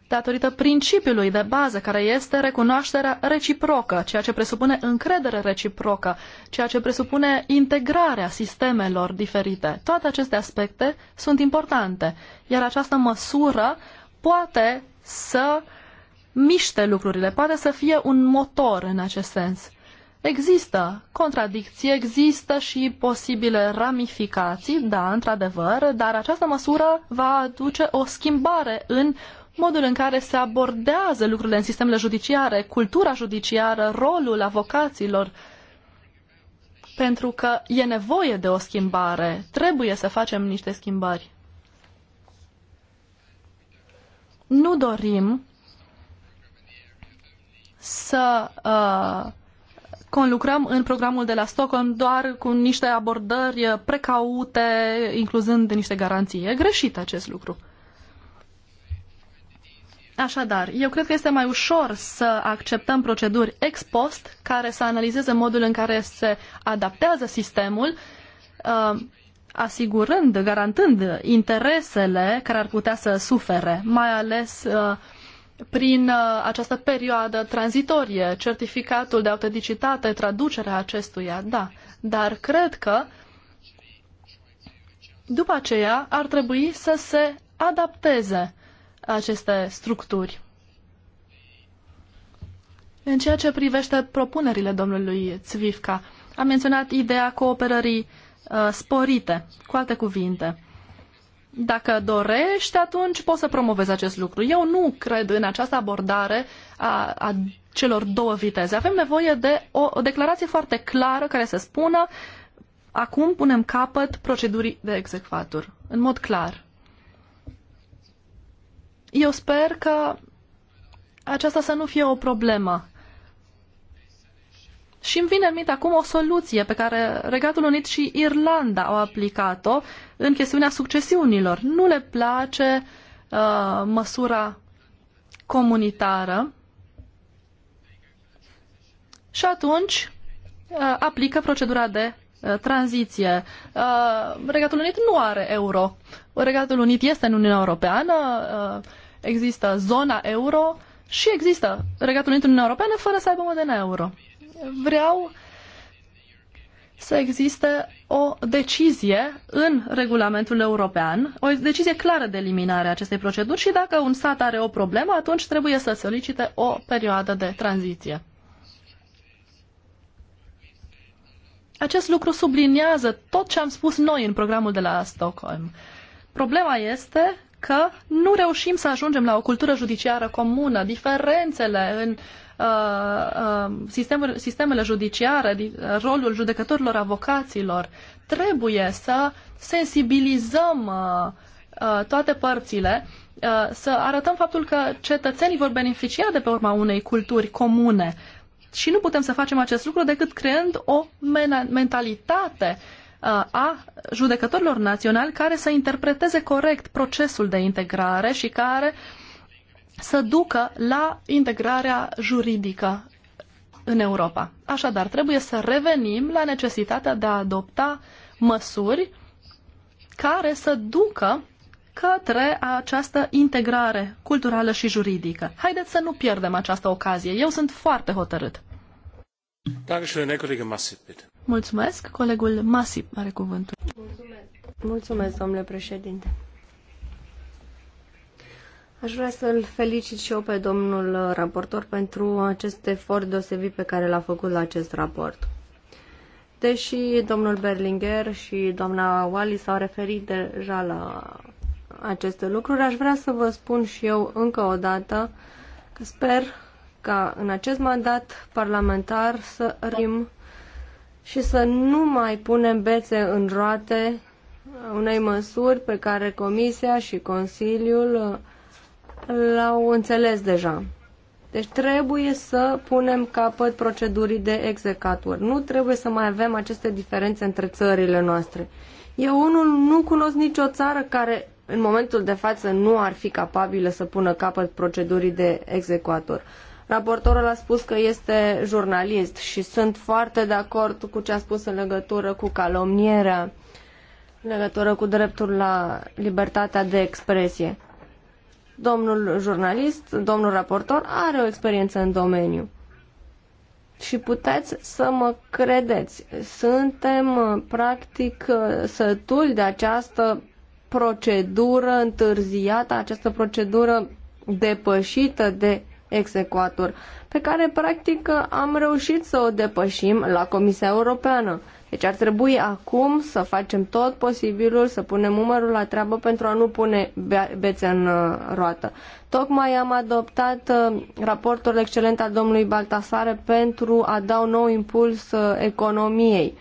[SPEAKER 1] Datorită principiului de bază care este recunoașterea reciprocă, ceea ce presupune încredere reciprocă, ceea ce presupune integrarea sistemelor diferite. Toate aceste aspecte sunt importante, iar această măsură poate să uh, miște lucrurile, pare să fie un motor în acest sens. Există contradicții, există și posibile ramificații, da, într-adevăr, dar această măsură va aduce o schimbare în modul în care se abordează lucrurile în sistemele judiciare, cultura judiciară, rolul avocaților, pentru că e nevoie de o schimbare, trebuie să facem niște schimbări. Nu dorim să uh, conlucrăm în programul de la Stockholm doar cu niște abordări precaute, incluzând niște garanții. E greșit acest lucru. Așadar, eu cred că este mai ușor să acceptăm proceduri ex post care să analizeze modul în care se adaptează sistemul, uh, asigurând, garantând interesele care ar putea să sufere, mai ales uh, prin uh, această perioadă tranzitorie, certificatul de autenticitate, traducerea acestuia, da. Dar cred că după aceea ar trebui să se adapteze aceste structuri. În ceea ce privește propunerile domnului Țvivca, a menționat ideea cooperării uh, sporite. Cu alte cuvinte, dacă dorești, atunci poți să promovezi acest lucru. Eu nu cred în această abordare a, a celor două viteze. Avem nevoie de o, o declarație foarte clară care să spună acum punem capăt procedurii de execvatur, în mod clar. Eu sper că aceasta să nu fie o problemă. Și îmi vine în minte acum o soluție pe care Regatul Unit și Irlanda au aplicat-o în chestiunea succesiunilor. Nu le place uh, măsura comunitară și atunci uh, aplică procedura de uh, tranziție. Uh, Regatul Unit nu are euro. Regatul Unit este în Uniunea Europeană, uh, există zona euro și există Regatul Unit în Uniunea Europeană fără să aibă modena euro vreau să existe o decizie în regulamentul european, o decizie clară de eliminare a acestei proceduri și dacă un stat are o problemă, atunci trebuie să solicite o perioadă de tranziție. Acest lucru subliniază tot ce am spus noi în programul de la Stockholm. Problema este că nu reușim să ajungem la o cultură judiciară comună. Diferențele în uh, Uh, uh, sistemul, sistemele judiciare, rolul judecătorilor, avocaților. Trebuie să sensibilizăm uh, toate părțile, să arătăm faptul că cetățenii vor beneficia de pe urma unei culturi comune. Și nu putem să facem acest lucru decât creând o mentalitate a judecătorilor naționali care să interpreteze corect procesul de integrare și care uh, să ducă la integrarea juridică în Europa. Așadar, trebuie să revenim la necesitatea de a adopta măsuri care să ducă către această integrare culturală și juridică. Haideți să nu pierdem această ocazie. Eu sunt foarte hotărât. Mulțumesc. Colegul Masip are cuvântul. Mulțumesc. Mulțumesc,
[SPEAKER 3] domnule președinte. Aș vrea să-l felicit și eu pe domnul raportor pentru acest efort deosebit pe care l-a făcut la acest raport. Deși domnul Berlinger și doamna Wally s-au referit deja la aceste lucruri, aș vrea să vă spun și eu încă o dată că sper ca în acest mandat parlamentar să rim și să nu mai punem bețe în roate unei măsuri pe care Comisia și Consiliul l-au înțeles deja. Deci trebuie să punem capăt procedurii de execatură. Nu trebuie să mai avem aceste diferențe între țările noastre. Eu unul nu cunosc nicio țară care în momentul de față nu ar fi capabilă să pună capăt procedurii de execuator. Raportorul a spus că este jurnalist și sunt foarte de acord cu ce a spus în legătură cu calomnierea, în legătură cu dreptul la libertatea de expresie. Domnul jurnalist, domnul raportor are o experiență în domeniu. Și puteți să mă credeți, suntem uh, practic uh, sătuli de această procedură întârziată, această procedură depășită de execuator, pe care practic am reușit să o depășim la Comisia Europeană. Deci ar trebui acum să facem tot posibilul, să punem umărul la treabă pentru a nu pune bețe în uh, roată. Tocmai am adoptat uh, raportul excelent al domnului Baltasare pentru a da un nou impuls uh, economiei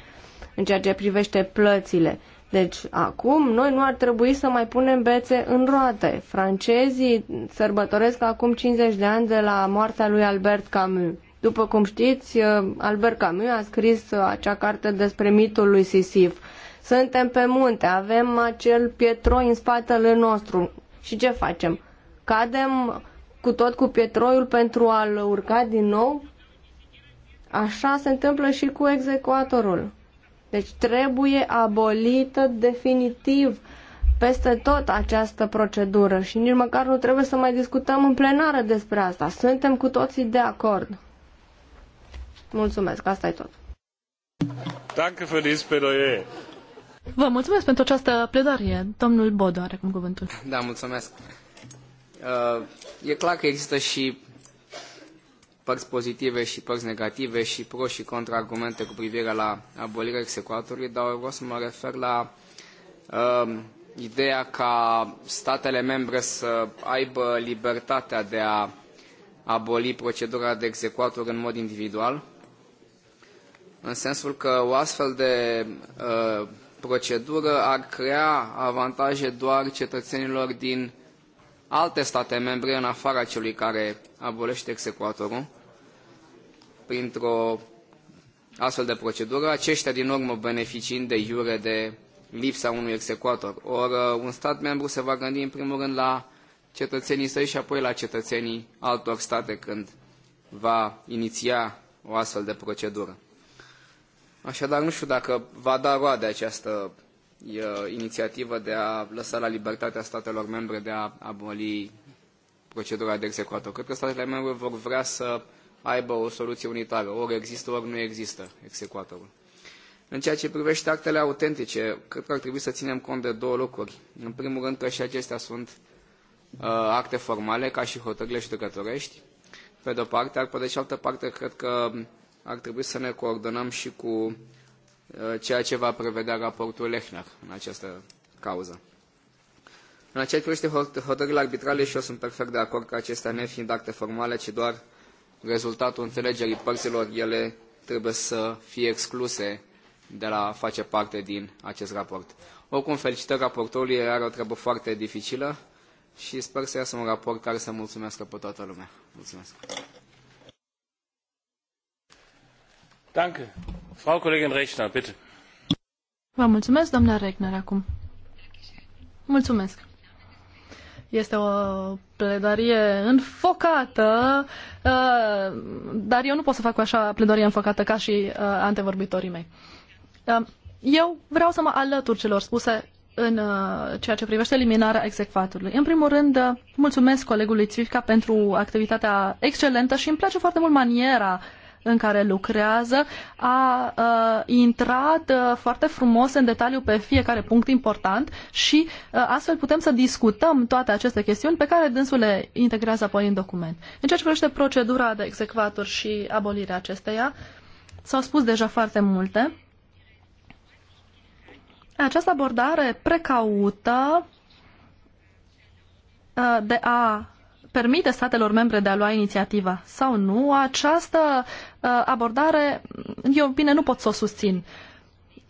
[SPEAKER 3] în ceea ce privește plățile. Deci acum noi nu ar trebui să mai punem bețe în roate. Francezii sărbătoresc acum 50 de ani de la moartea lui Albert Camus. După cum știți, uh, Albert Camus a scris uh, acea carte despre mitul lui Sisif. Suntem pe munte, avem acel pietroi în spatele nostru. Și ce facem? Cadem cu tot cu pietroiul pentru a-l urca din nou? Așa se întâmplă și cu execuatorul. Deci trebuie abolită definitiv peste tot această procedură și nici măcar nu trebuie să mai discutăm în plenară despre asta. Suntem cu toții de acord.
[SPEAKER 1] Mulțumesc, asta e tot. Vă mulțumesc pentru această pledoarie. Domnul Bodo are acum cuvântul.
[SPEAKER 4] Da, mulțumesc. Uh, e clar că există și părți pozitive și părți negative și pro și contra argumente cu privire la abolirea execuatorului, dar vreau să mă refer la uh, ideea ca statele membre să aibă libertatea de a aboli procedura de execuator în mod individual în sensul că o astfel de uh, procedură ar crea avantaje doar cetățenilor din alte state membre în afara celui care abolește execuatorul printr-o astfel de procedură, aceștia din urmă beneficiind de iure de lipsa unui executor. Or, uh, un stat membru se va gândi în primul rând la cetățenii săi și apoi la cetățenii altor state când va iniția o astfel de procedură. Așadar, nu știu dacă va da roade această inițiativă de a lăsa la libertatea statelor membre de a aboli procedura de execuator. Cred că statele membre vor vrea să aibă o soluție unitară. Ori există, ori nu există execuatorul. În ceea ce privește actele autentice, cred că ar trebui să ținem cont de două lucruri. În primul rând că și acestea sunt uh, acte formale, ca și hotărârile judecătorești, pe de-o parte, dar pe de cealaltă parte cred că ar trebui să ne coordonăm și cu uh, ceea ce va prevedea raportul Lechner în această cauză. În acest privește hotărârile arbitrale și eu sunt perfect de acord că acestea fiind acte formale, ci doar rezultatul înțelegerii părților, ele trebuie să fie excluse de la face parte din acest raport. Oricum, felicitări raportorului, are o treabă foarte dificilă și sper să iasă un raport care să mulțumesc pe toată lumea. Mulțumesc!
[SPEAKER 3] Frau Kollegin Rechner, bitte.
[SPEAKER 1] Vă mulțumesc, doamna Regner, acum. Mulțumesc. Este o pledoarie înfocată, uh, dar eu nu pot să fac o așa pledoarie înfocată ca și uh, antevorbitorii mei. Uh, eu vreau să mă alătur celor spuse în ceea ce privește eliminarea execvatului. În primul rând, mulțumesc colegului Țivca pentru activitatea excelentă și îmi place foarte mult maniera în care lucrează a uh, intrat uh, foarte frumos în detaliu pe fiecare punct important și uh, astfel putem să discutăm toate aceste chestiuni pe care dânsul le integrează apoi în document. În ceea ce privește procedura de execvator și abolirea acesteia, s-au spus deja foarte multe. Această abordare precaută de a permite statelor membre de a lua inițiativa sau nu, această uh, abordare, eu bine, nu pot să o susțin.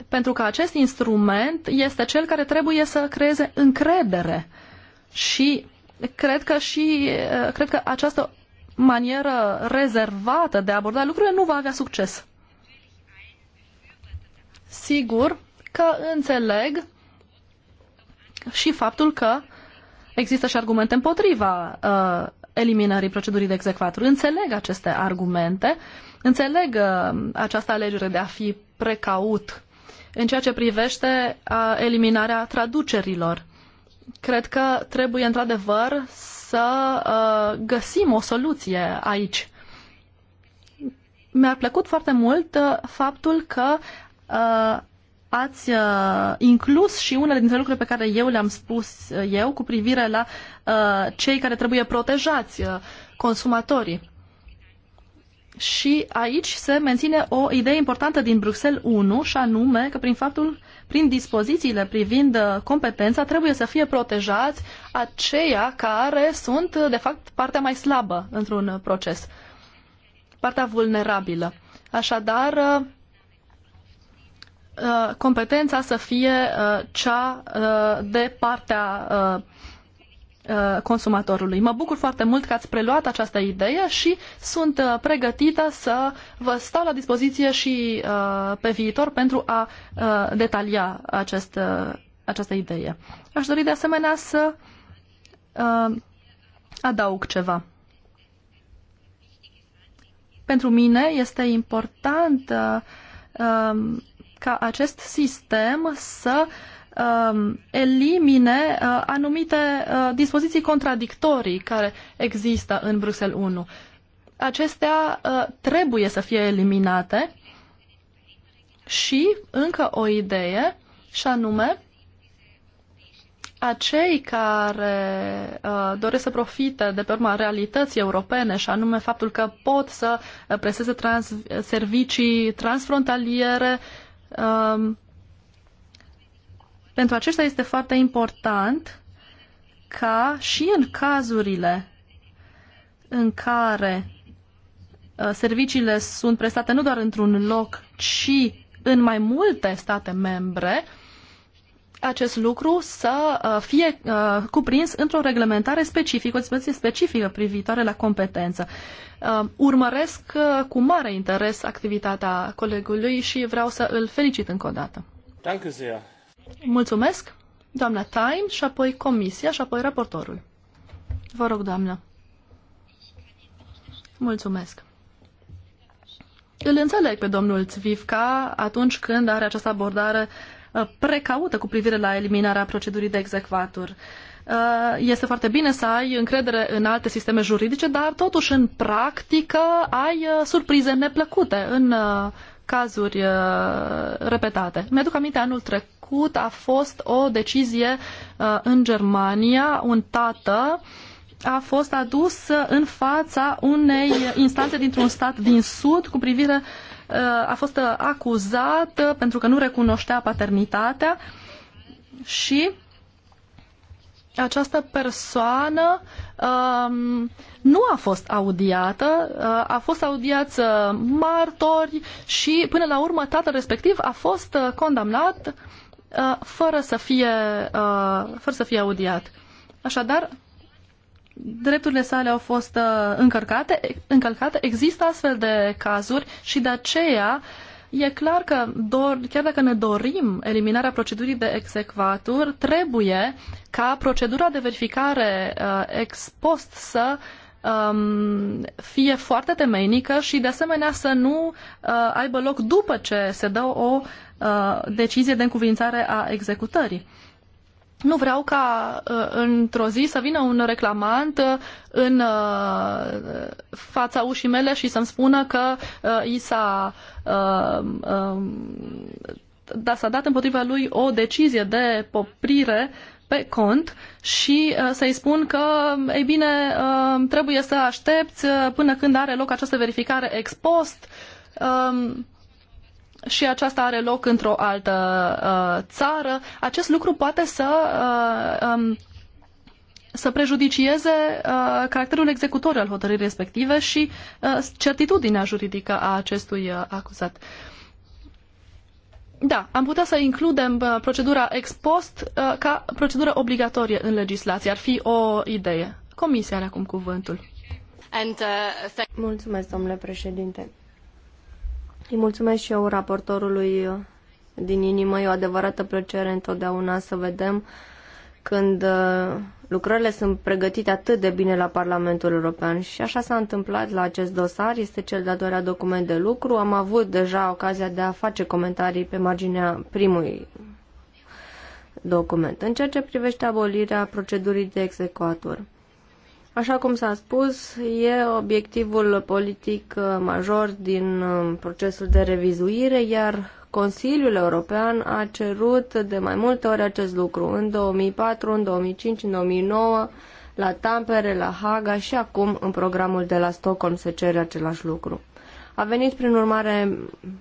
[SPEAKER 1] Pentru că acest instrument este cel care trebuie să creeze încredere. Și cred că și uh, cred că această manieră rezervată de a aborda lucrurile nu va avea succes. Sigur că înțeleg și faptul că Există și argumente împotriva uh, eliminării procedurii de execvatru. Înțeleg aceste argumente, înțeleg uh, această alegere de a fi precaut în ceea ce privește uh, eliminarea traducerilor. Cred că trebuie într-adevăr să uh, găsim o soluție aici. Mi-a plăcut foarte mult uh, faptul că uh, ați uh, inclus și unele dintre lucrurile pe care eu le-am spus uh, eu cu privire la uh, cei care trebuie protejați, uh, consumatorii. Și aici se menține o idee importantă din Bruxelles 1 și anume că prin faptul, prin dispozițiile privind uh, competența, trebuie să fie protejați aceia care sunt, uh, de fapt, partea mai slabă într-un uh, proces, partea vulnerabilă. Așadar, uh, Uh, competența să fie uh, cea uh, de partea consumatorului. Mă bucur foarte mult că ați preluat această idee și sunt pregătită să vă stau la dispoziție și pe viitor pentru a detalia acest, această idee. Aș dori de asemenea să adaug ceva. Pentru mine este important um, ca acest sistem să um, elimine uh, anumite uh, dispoziții contradictorii care există în Bruxelles 1. Acestea uh, trebuie să fie eliminate și încă o idee, și anume, acei care doresc să profite de pe urma realității europene și anume faptul că pot să preseze trans- servicii transfrontaliere um, pentru aceștia este foarte important ca și în cazurile în care uh, serviciile sunt prestate nu doar într-un loc, ci în mai multe state membre, acest lucru să uh, fie uh, cuprins într-o reglementare specifică, o dispoziție specifică privitoare la competență. Uh, urmăresc cu mare interes activitatea colegului și vreau să îl felicit încă o dată. Mulțumesc, doamna Time și apoi comisia și apoi raportorul. Vă rog, doamnă. Mulțumesc. Îl înțeleg pe domnul Zvivca atunci când are această abordare uh, Uh, precaută cu privire la eliminarea procedurii de execvatur. Uh, este foarte bine să ai încredere în alte sisteme juridice, dar totuși în practică ai uh, surprize neplăcute în cazuri repetate. Mi-aduc aminte anul trecut a fost o decizie în Germania, un tată a fost adus în fața unei instanțe dintr-un stat din sud cu privire uh, a fost acuzat pentru că nu recunoștea paternitatea și această persoană um, nu a fost audiată, uh, a fost audiață uh, martori și până la urmă tatăl respectiv a fost uh, condamnat uh, fără, să fie, uh, fără să fie audiat. Așadar, drepturile sale au fost uh, încărcate, încălcate. Există astfel de cazuri și de aceea e clar că dor, chiar dacă ne dorim eliminarea procedurii de execvatur, trebuie ca procedura de verificare uh, ex post să um, fie foarte temeinică și de asemenea să nu uh, aibă loc după ce se dă o uh, decizie de încuvințare a executării nu vreau ca uh, într-o zi să vină un reclamant uh, în uh, fața ușii mele și să-mi spună că i s-a um, da, s-a dat împotriva lui o decizie de poprire pe cont și să-i spun că, ei bine, trebuie să aștepți până când are loc această verificare ex post. Um, și aceasta are loc într-o altă uh, țară, acest lucru poate să uh, um, să prejudicieze uh, caracterul executor al hotărârii respective și uh, certitudinea juridică a acestui uh, acuzat. Da, am putea să includem uh, procedura ex post uh, ca procedură obligatorie în legislație. Ar fi o idee. Comisia are acum cuvântul.
[SPEAKER 3] And, uh, Mulțumesc, domnule președinte. Îi mulțumesc și eu raportorului din inimă. E o adevărată plăcere întotdeauna să vedem când uh, lucrările sunt pregătite atât de bine la Parlamentul European și așa s-a întâmplat la acest dosar, este cel de-al doilea document de lucru. Am avut deja ocazia de a face comentarii pe marginea primului document. În ceea ce privește abolirea procedurii de execuator, Așa cum s-a spus, e obiectivul politic uh, major din um, procesul de revizuire, iar Consiliul European a cerut de mai multe ori acest lucru, în 2004, în 2005, în 2009, la Tampere, la Haga și acum în programul de la Stockholm se cere același lucru. A venit prin urmare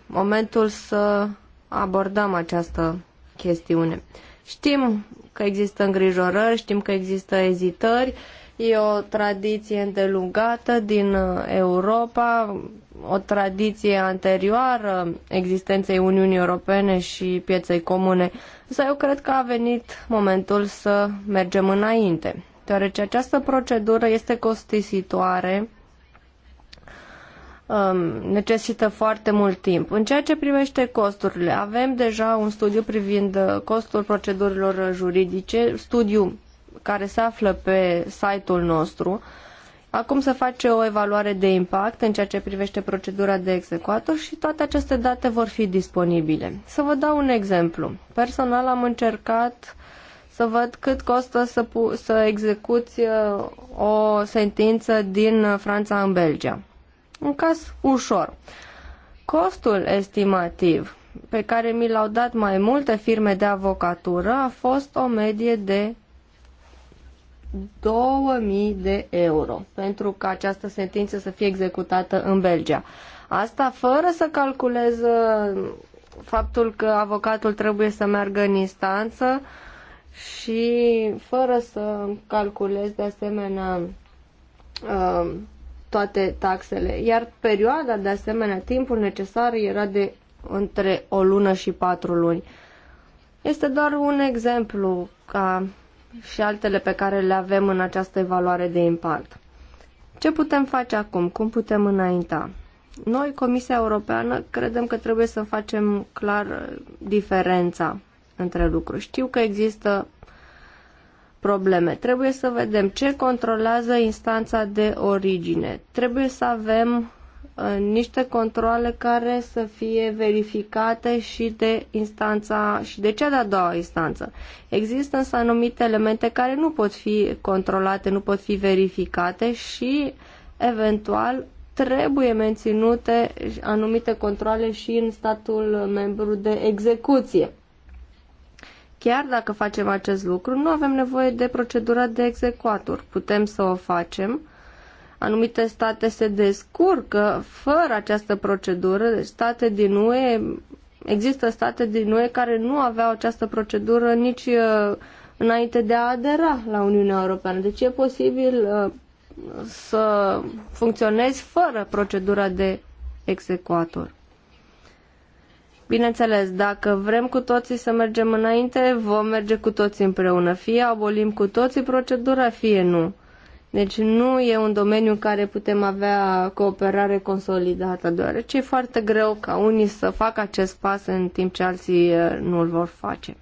[SPEAKER 3] momentul să abordăm această chestiune. Știm că există îngrijorări, știm că există ezitări, E o tradiție îndelungată din uh, Europa, o tradiție anterioară existenței Uniunii Europene și pieței comune. Însă eu cred că a venit momentul să mergem înainte, deoarece această procedură este costisitoare, um, necesită foarte mult timp. În ceea ce privește costurile, avem deja un studiu privind uh, costul procedurilor juridice, studiu care se află pe site-ul nostru. Acum se face o evaluare de impact în ceea ce privește procedura de execuator și toate aceste date vor fi disponibile. Să vă dau un exemplu. Personal am încercat să văd cât costă să, pu- să execuți uh, o sentință din Franța în Belgia. Un caz ușor. Costul estimativ pe care mi l-au dat mai multe firme de avocatură a fost o medie de 2000 de euro pentru ca această sentință să fie executată în Belgia. Asta fără să calculez faptul că avocatul trebuie să meargă în instanță și fără să calculez de asemenea uh, toate taxele. Iar perioada, de asemenea, timpul necesar era de între o lună și patru luni. Este doar un exemplu ca și altele pe care le avem în această evaluare de impact. Ce putem face acum? Cum putem înainta? Noi, Comisia Europeană, credem că trebuie să facem clar uh, diferența între lucruri. Știu că există probleme. Trebuie să vedem ce controlează instanța de origine. Trebuie să avem Uh, niște controle care să fie verificate și de instanța și de cea de-a doua instanță. Există însă anumite elemente care nu pot fi controlate, nu pot fi verificate și eventual trebuie menținute anumite controle și în statul membru de execuție. Chiar dacă facem acest lucru, nu avem nevoie de procedura de execuator. Putem să o facem Anumite state se descurcă fără această procedură, deci state din UE, există state din UE care nu aveau această procedură nici uh, înainte de a adera la Uniunea Europeană. Deci e posibil uh, să funcționezi fără procedura de execuator. Bineînțeles, dacă vrem cu toții să mergem înainte, vom merge cu toții împreună. Fie abolim cu toții procedura, fie nu. Deci nu e un domeniu în care putem avea cooperare consolidată, deoarece e foarte greu ca unii să facă acest pas în timp ce alții uh, nu îl vor face.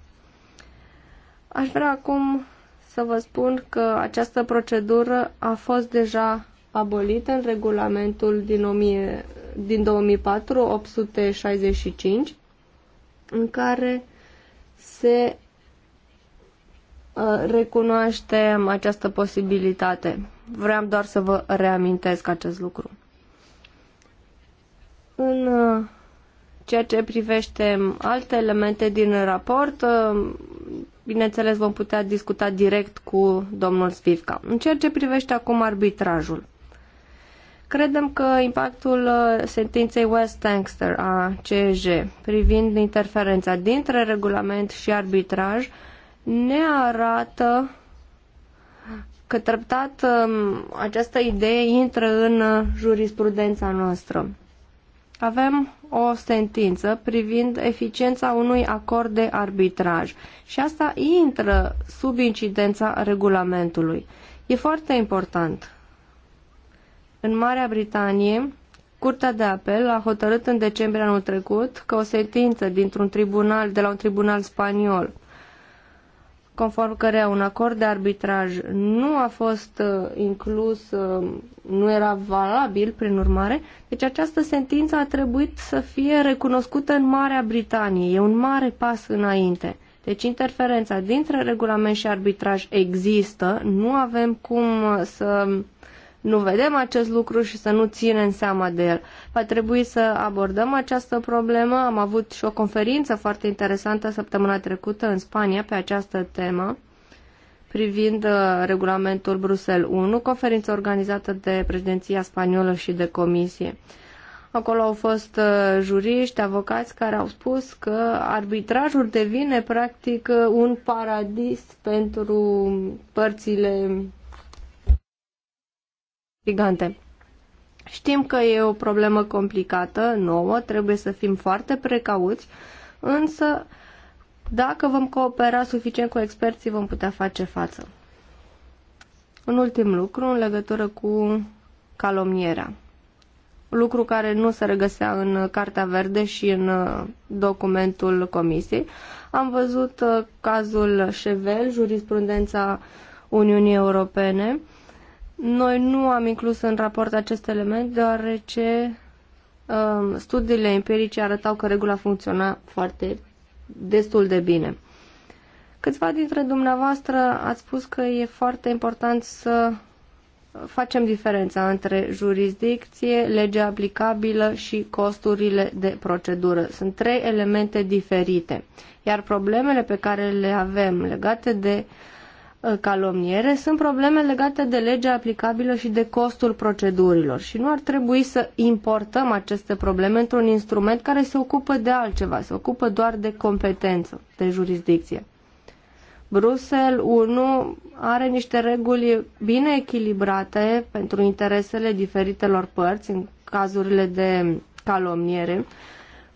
[SPEAKER 3] Aș vrea acum să vă spun că această procedură a fost deja abolită în regulamentul din, 1000, din 2004, 865, în care se Uh, recunoaștem această posibilitate. Vreau doar să vă reamintesc acest lucru. În uh, ceea ce privește alte elemente din raport, uh, bineînțeles vom putea discuta direct cu domnul Spivca. În ceea ce privește acum arbitrajul, credem că impactul sentinței West Tankster a CEJ privind interferența dintre regulament și arbitraj ne arată că treptat um, această idee intră în uh, jurisprudența noastră. Avem o sentință privind eficiența unui acord de arbitraj și asta intră sub incidența regulamentului. E foarte important. În Marea Britanie, Curtea de apel a hotărât în decembrie anul trecut că o sentință dintr-un tribunal, de la un tribunal spaniol conform cărea un acord de arbitraj nu a fost uh, inclus, uh, nu era valabil, prin urmare, deci această sentință a trebuit să fie recunoscută în Marea Britanie. E un mare pas înainte. Deci interferența dintre regulament și arbitraj există, nu avem cum uh, să nu vedem acest lucru și să nu ținem seama de el. Va trebui să abordăm această problemă. Am avut și o conferință foarte interesantă săptămâna trecută în Spania pe această temă privind uh, regulamentul Brusel 1, conferință organizată de președinția spaniolă și de comisie. Acolo au fost uh, juriști, avocați care au spus că arbitrajul devine practic uh, un paradis pentru părțile gigante. Știm că e o problemă complicată, nouă, trebuie să fim foarte precauți, însă dacă vom coopera suficient cu experții, vom putea face față. Un ultim lucru în legătură cu calomnierea. Lucru care nu se regăsea în Cartea Verde și în documentul comisiei. Am văzut uh, cazul Chevel, jurisprudența Uniunii Europene, noi nu am inclus în raport acest element deoarece um, studiile empirice arătau că regula funcționa foarte destul de bine. Câțiva dintre dumneavoastră ați spus că e foarte important să facem diferența între jurisdicție, legea aplicabilă și costurile de procedură. Sunt trei elemente diferite, iar problemele pe care le avem legate de uh, Uh, calomniere sunt probleme legate de legea aplicabilă și de costul procedurilor și nu ar trebui să importăm aceste probleme într-un instrument care se ocupă de altceva, se ocupă doar de competență, de jurisdicție. Bruxelles 1 are niște reguli bine echilibrate pentru interesele diferitelor părți în cazurile de calomniere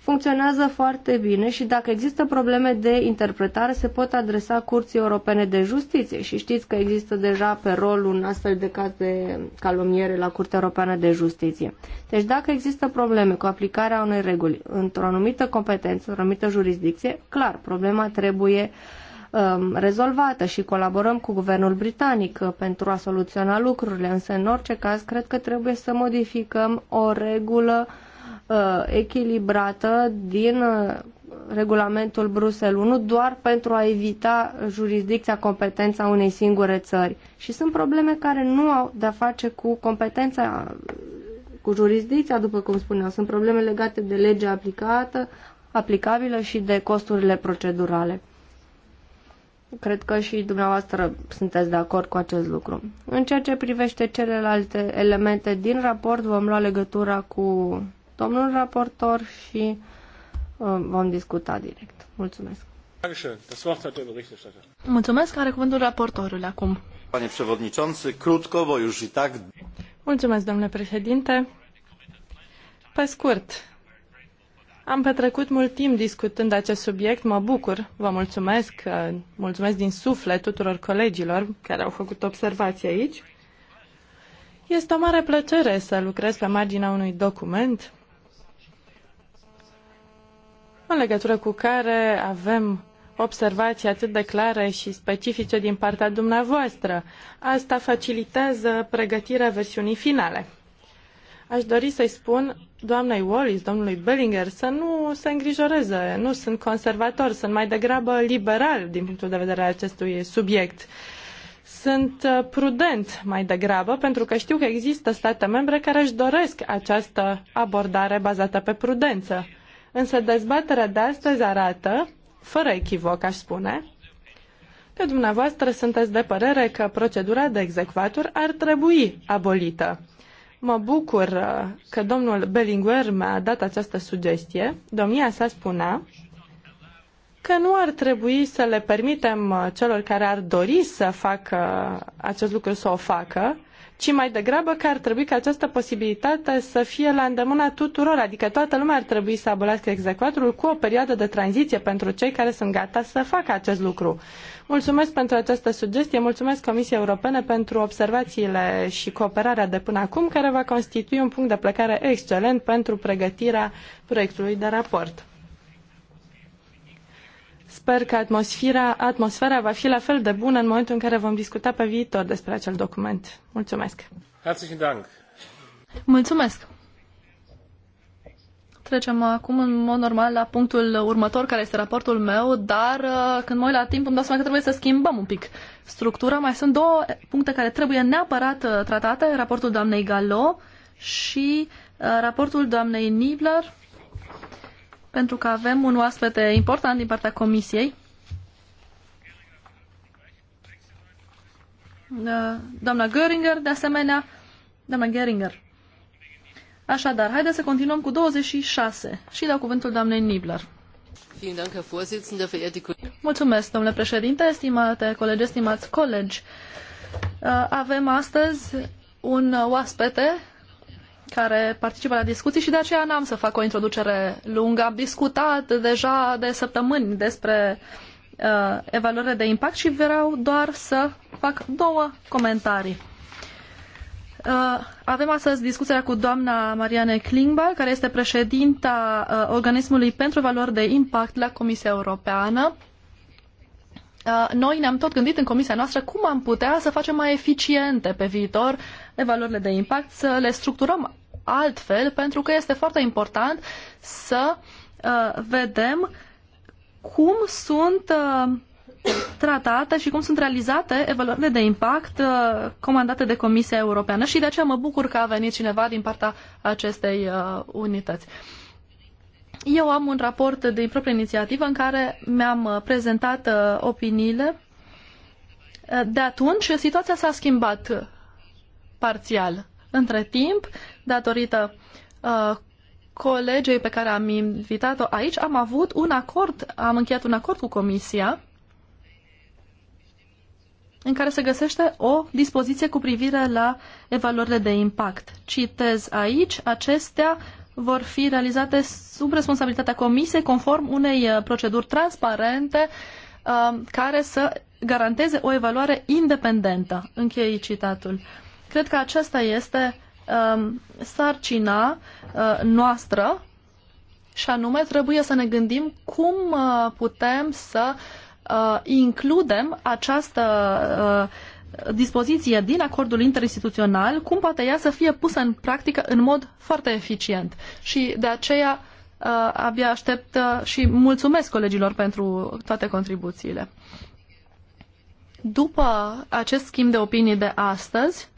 [SPEAKER 3] funcționează foarte bine și dacă există probleme de interpretare se pot adresa Curții Europene de Justiție și știți că există deja pe rol un astfel de caz de calomniere la Curtea Europeană de Justiție. Deci dacă există probleme cu aplicarea unei reguli într-o anumită competență, într-o anumită jurisdicție, clar, problema trebuie um, rezolvată și colaborăm cu guvernul britanic uh, pentru a soluționa lucrurile, însă în orice caz cred că trebuie să modificăm o regulă uh, Uh, echilibrată din uh, regulamentul Brusel 1 doar pentru a evita jurisdicția competența unei singure țări. Și sunt probleme care nu au de-a face cu competența, cu jurisdicția, după cum spuneam. Sunt probleme legate de legea aplicată, aplicabilă și de costurile procedurale. Cred că și dumneavoastră sunteți de acord cu acest lucru. În ceea ce privește celelalte elemente din raport, vom lua legătura cu domnul raportor și uh, vom discuta direct. Mulțumesc. Mulțumesc, are cuvântul raportorul acum.
[SPEAKER 1] Panie przewodniczący, krótko, bo już i tak...
[SPEAKER 2] Mulțumesc, domnule președinte. Pe scurt, am petrecut mult timp discutând acest subiect, mă bucur, vă mulțumesc, mulțumesc din suflet tuturor colegilor care au făcut observații aici. Este o mare plăcere să lucrez pe marginea unui document în legătură cu care avem observații atât de clare și specifice din partea dumneavoastră. Asta facilitează pregătirea versiunii finale. Aș dori să-i spun doamnei Wallis, domnului Bellinger, să nu se îngrijoreze. Nu sunt conservator, sunt mai degrabă liberal din punctul de vedere al acestui subiect. Sunt uh, prudent mai degrabă pentru că știu că există state membre care își doresc această abordare bazată pe prudență. Însă dezbaterea de astăzi arată, fără echivoc aș spune, că dumneavoastră sunteți de părere că procedura de execvatur ar trebui abolită. Mă bucur uh, că domnul Bellinguer mi-a dat această sugestie. Domnia sa spunea că nu ar trebui să le permitem uh, celor care ar dori să facă uh, acest lucru să o facă, ci mai degrabă că ar trebui ca această posibilitate să fie la îndemâna tuturor, adică toată lumea ar trebui să abolească executorul cu o perioadă de tranziție pentru cei care sunt gata să facă acest lucru. Mulțumesc pentru această sugestie, mulțumesc Comisiei Europene pentru observațiile și cooperarea de până acum, care va constitui un punct de plecare excelent pentru pregătirea proiectului de raport. Sper că atmosfera, atmosfera va fi la fel de bună în momentul în care vom discuta pe viitor despre acel document.
[SPEAKER 1] Mulțumesc! Mulțumesc! Trecem acum în mod normal la punctul următor, care este raportul meu, dar uh, când mă uit la timp îmi dau seama că trebuie să schimbăm un pic structura. Mai sunt două puncte care trebuie neapărat uh, tratate, raportul doamnei Galo și uh, raportul doamnei Nibler pentru că avem un oaspete important din partea Comisiei. Da, doamna Göringer, de asemenea, doamna Göringer. Așadar, haideți să continuăm cu 26 și dau cuvântul doamnei Nibler. Mulțumesc, domnule președinte, stimate colegi, stimați colegi. Uh, avem astăzi un oaspete care participă la discuții și de aceea n-am să fac o introducere lungă. Am discutat deja de săptămâni despre uh, evaluările de impact și vreau doar să fac două comentarii. Uh, avem astăzi discuția cu doamna Mariane Klingba, care este președinta uh, Organismului pentru Valori de Impact la Comisia Europeană. Uh, noi ne-am tot gândit în comisia noastră cum am putea să facem mai eficiente pe viitor evaluările de impact, să le structurăm altfel, pentru că este foarte important să uh, vedem cum sunt uh, tratate și cum sunt realizate evaluările de impact uh, comandate de Comisia Europeană și de aceea mă bucur că a venit cineva din partea acestei uh, unități. Eu am un raport din propria inițiativă în care mi-am uh, prezentat uh, opiniile. Uh, de atunci, situația s-a schimbat uh, parțial. Între timp, datorită uh, colegei pe care am invitat-o aici, am avut un acord, am încheiat un acord cu Comisia în care se găsește o dispoziție cu privire la evaluările de impact. Citez aici, acestea vor fi realizate sub responsabilitatea Comisiei conform unei uh, proceduri transparente uh, care să garanteze o evaluare independentă. Închei citatul. Uh, Cred că aceasta este um, sarcina uh, noastră și anume trebuie să ne gândim cum uh, putem să uh, includem această uh, dispoziție din acordul interinstituțional, cum poate ea să fie pusă în practică în mod foarte eficient. Și de aceea uh, abia aștept uh, și mulțumesc colegilor pentru toate contribuțiile. După acest schimb de opinii de astăzi,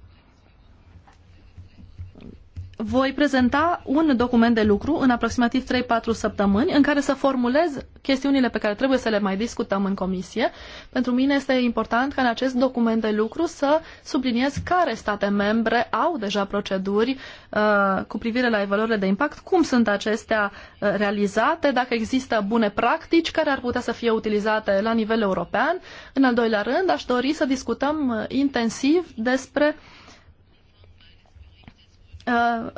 [SPEAKER 1] voi prezenta un document de lucru în aproximativ 3-4 săptămâni în care să formulez chestiunile pe care trebuie să le mai discutăm în comisie. Pentru mine este important ca în acest document de lucru să subliniez care state membre au deja proceduri uh, cu privire la evaluările de impact, cum sunt acestea uh, realizate, dacă există bune practici care ar putea să fie utilizate la nivel european. În al doilea rând, aș dori să discutăm uh, intensiv despre uh, uh,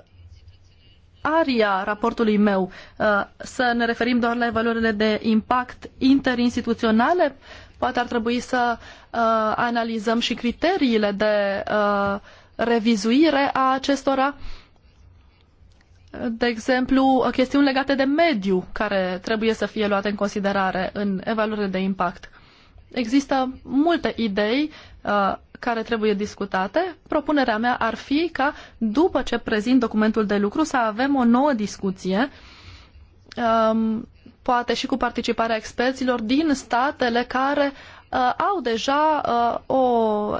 [SPEAKER 1] aria raportului meu, uh, să ne referim doar la evaluările de impact interinstituționale, poate ar trebui să uh, analizăm și criteriile de uh, revizuire a acestora. De exemplu, chestiuni legate de mediu care trebuie să fie luate în considerare în evaluările de impact. Există multe idei uh, care trebuie discutate, propunerea mea ar fi ca după ce prezint documentul de lucru să avem o nouă discuție, um, poate și cu participarea experților din statele care uh, au deja uh, o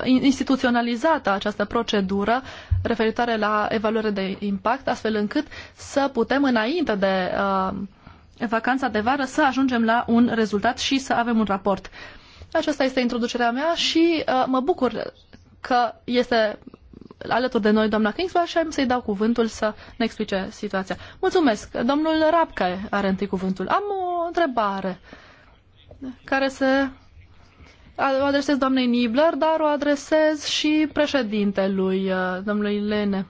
[SPEAKER 1] instituționalizată această procedură referitoare la evaluare de impact, astfel încât să putem înainte de uh, vacanța de vară să ajungem la un rezultat și să avem un raport. Aceasta este introducerea mea și uh, mă bucur că este alături de noi doamna Kingsbar și am să-i dau cuvântul să ne explice situația. Mulțumesc. Domnul Rapca are întâi cuvântul. Am o întrebare care se o adresez doamnei Nibler, dar o adresez și președintelui, uh, domnului Lene.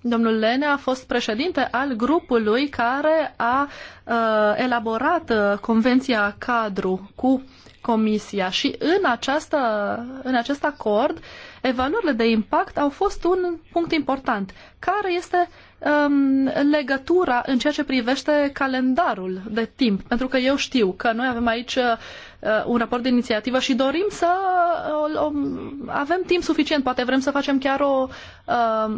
[SPEAKER 1] Domnul Lene a fost președinte al grupului care a uh, elaborat uh, convenția cadru cu Comisia și în, această, în acest acord evaluările de impact au fost un punct important. Care este um, legătura în ceea ce privește calendarul de timp? Pentru că eu știu că noi avem aici uh, un raport de inițiativă și dorim să um, avem timp suficient. Poate vrem să facem chiar o, uh,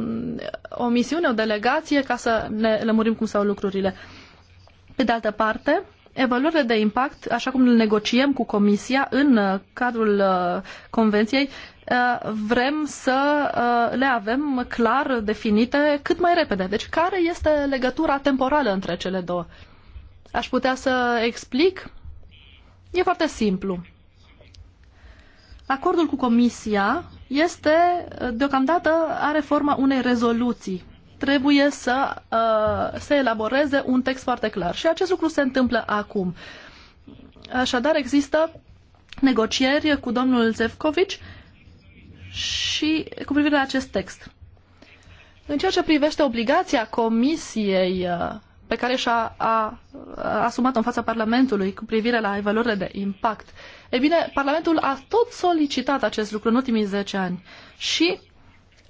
[SPEAKER 1] o misiune, o delegație ca să ne lămurim cum stau lucrurile. Pe de altă parte, evaluările de impact, așa cum îl negociem cu Comisia în uh, cadrul uh, Convenției, uh, vrem să le avem clar definite cât mai repede. Deci care este legătura temporală între cele două? Aș putea să explic? E foarte simplu. Acordul cu Comisia este, deocamdată, are forma unei rezoluții trebuie să uh, se elaboreze un text foarte clar. Și acest lucru se întâmplă acum. Așadar, există negocieri cu domnul Zevcovici și cu privire la acest text. În ceea ce privește obligația Comisiei uh, pe care și-a a, a asumat în fața Parlamentului cu privire la evaluările de impact. E bine, Parlamentul a tot solicitat acest lucru în ultimii 10 ani și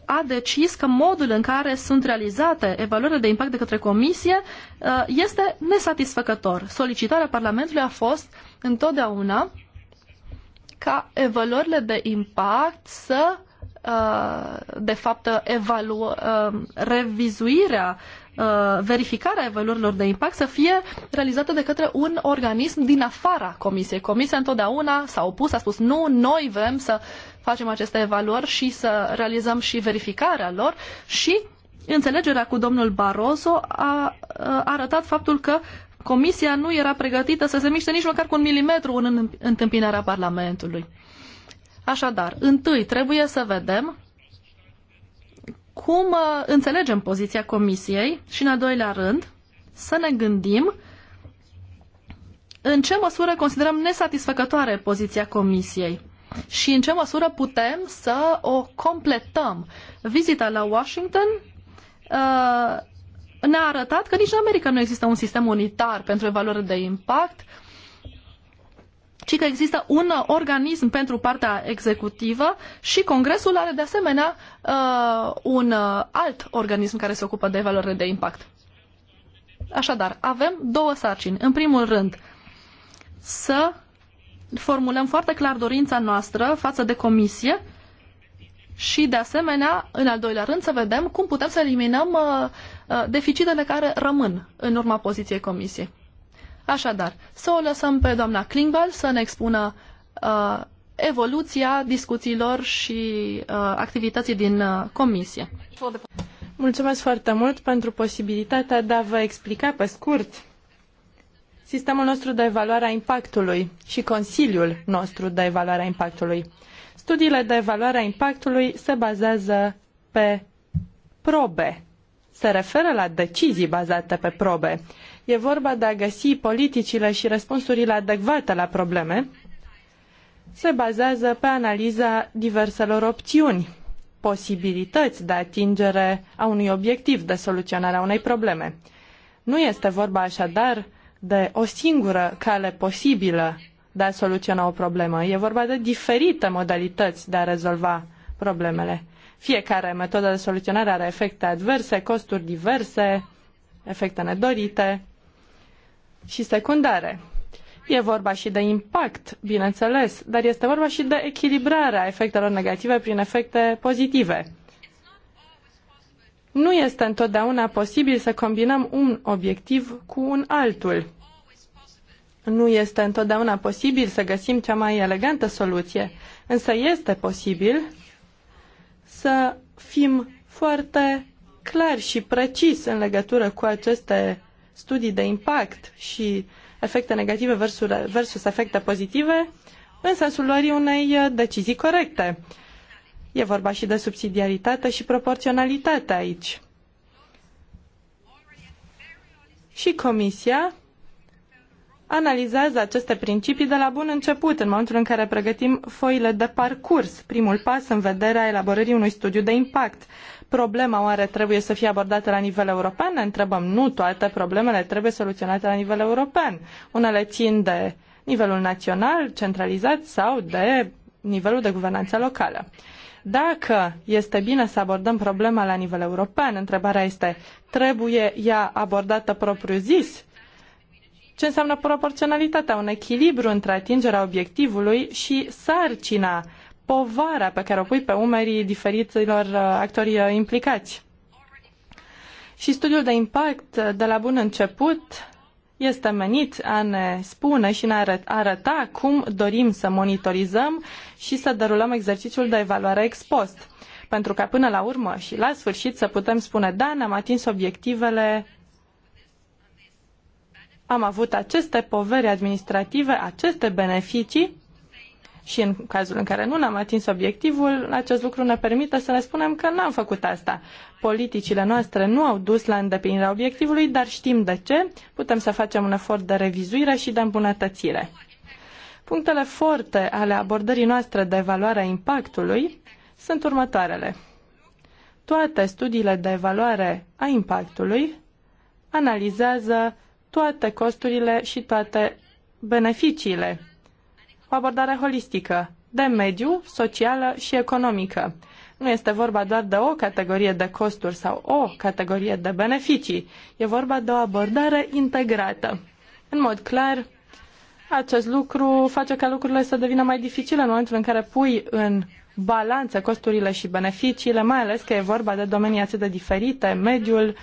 [SPEAKER 1] a decis că modul în care sunt realizate evaluările de impact de către Comisie uh, este nesatisfăcător. Solicitarea Parlamentului a fost întotdeauna ca evaluările de impact să uh, de fapt evalu, uh, revizuirea Uh, verificarea evaluărilor de impact să fie realizată de către un organism din afara Comisiei. Comisia întotdeauna s-a opus, a spus nu, noi vrem să facem aceste evaluări și să realizăm și verificarea lor și înțelegerea cu domnul Barroso a uh, arătat faptul că Comisia nu era pregătită să se miște nici măcar cu un milimetru în întâmpinarea Parlamentului. Așadar, întâi trebuie să vedem cum uh, înțelegem poziția Comisiei și, în al doilea rând, să ne gândim în ce măsură considerăm nesatisfăcătoare poziția Comisiei și în ce măsură putem să o completăm. Vizita la Washington uh, ne-a arătat că nici în America nu există un sistem unitar pentru evaluare de impact ci că există un organism pentru partea executivă și Congresul are de asemenea uh, un uh, alt organism care se ocupă de evaluare de impact. Așadar, avem două sarcini. În primul rând, să formulăm foarte clar dorința noastră față de comisie și, de asemenea, în al doilea rând, să vedem cum putem să eliminăm uh, uh deficitele care rămân în urma poziției comisiei. Așadar, să o lăsăm pe doamna Klingbal să ne expună uh, evoluția discuțiilor și uh, activității din uh, comisie. Mulțumesc foarte mult pentru posibilitatea de a vă explica
[SPEAKER 2] pe scurt sistemul nostru de evaluare a impactului și Consiliul nostru de evaluare a impactului. Studiile de evaluare a impactului se bazează pe probe, se referă la decizii bazate pe probe. E vorba de a găsi politicile și răspunsurile adecvate la probleme. Se bazează pe analiza diverselor opțiuni, posibilități de atingere a unui obiectiv de soluționare a unei probleme. Nu este vorba așadar de o singură cale posibilă de a soluționa o problemă. E vorba de diferite modalități de a rezolva problemele. Fiecare metodă de soluționare are efecte adverse, costuri diverse, efecte nedorite și secundare. E vorba și de impact, bineînțeles, dar este vorba și de echilibrarea efectelor negative prin efecte pozitive. Nu este întotdeauna posibil să combinăm un obiectiv cu un altul. Nu este întotdeauna posibil să găsim cea mai elegantă soluție, însă este posibil să fim foarte clari și precis în legătură cu aceste studii de impact și efecte negative versus, versus efecte pozitive în sensul luării unei uh, decizii corecte. E vorba și de subsidiaritate și proporționalitate aici. Și Comisia analizează aceste principii de la bun început, în momentul în care pregătim foile de parcurs, primul pas în vederea elaborării unui studiu de impact problema oare trebuie să fie abordată la nivel european? Ne întrebăm, nu toate problemele trebuie soluționate la nivel european. Unele țin de nivelul național, centralizat sau de nivelul de guvernanță locală. Dacă este bine să abordăm problema la nivel european, întrebarea este, trebuie ea abordată propriu-zis? Ce înseamnă proporționalitatea? Un echilibru între atingerea obiectivului și sarcina povara pe care o pui pe umerii diferiților uh, actori uh, implicați. Și studiul de impact uh, de la bun început este menit a ne spune și ne arăta cum dorim să monitorizăm și să derulăm exercițiul de evaluare ex post. Pentru ca până la urmă și la sfârșit să putem spune, da, ne-am atins obiectivele, am avut aceste poveri administrative, aceste beneficii și în cazul în care nu ne-am atins obiectivul, acest lucru ne permite să ne spunem că n-am făcut asta. Politicile noastre nu au dus la îndeplinirea obiectivului, dar știm de ce, putem să facem un efort de revizuire și de îmbunătățire. Punctele forte ale abordării noastre de evaluare a impactului sunt următoarele. Toate studiile de evaluare a impactului analizează toate costurile și toate beneficiile abordare holistică, de mediu, socială și economică. Nu este vorba doar de o categorie de costuri sau o categorie de beneficii. E vorba de o abordare integrată. În mod clar, acest lucru face ca lucrurile să devină mai dificile în momentul în care pui în balanță costurile și beneficiile, mai ales că e vorba de domenii atât de diferite, mediul, uh,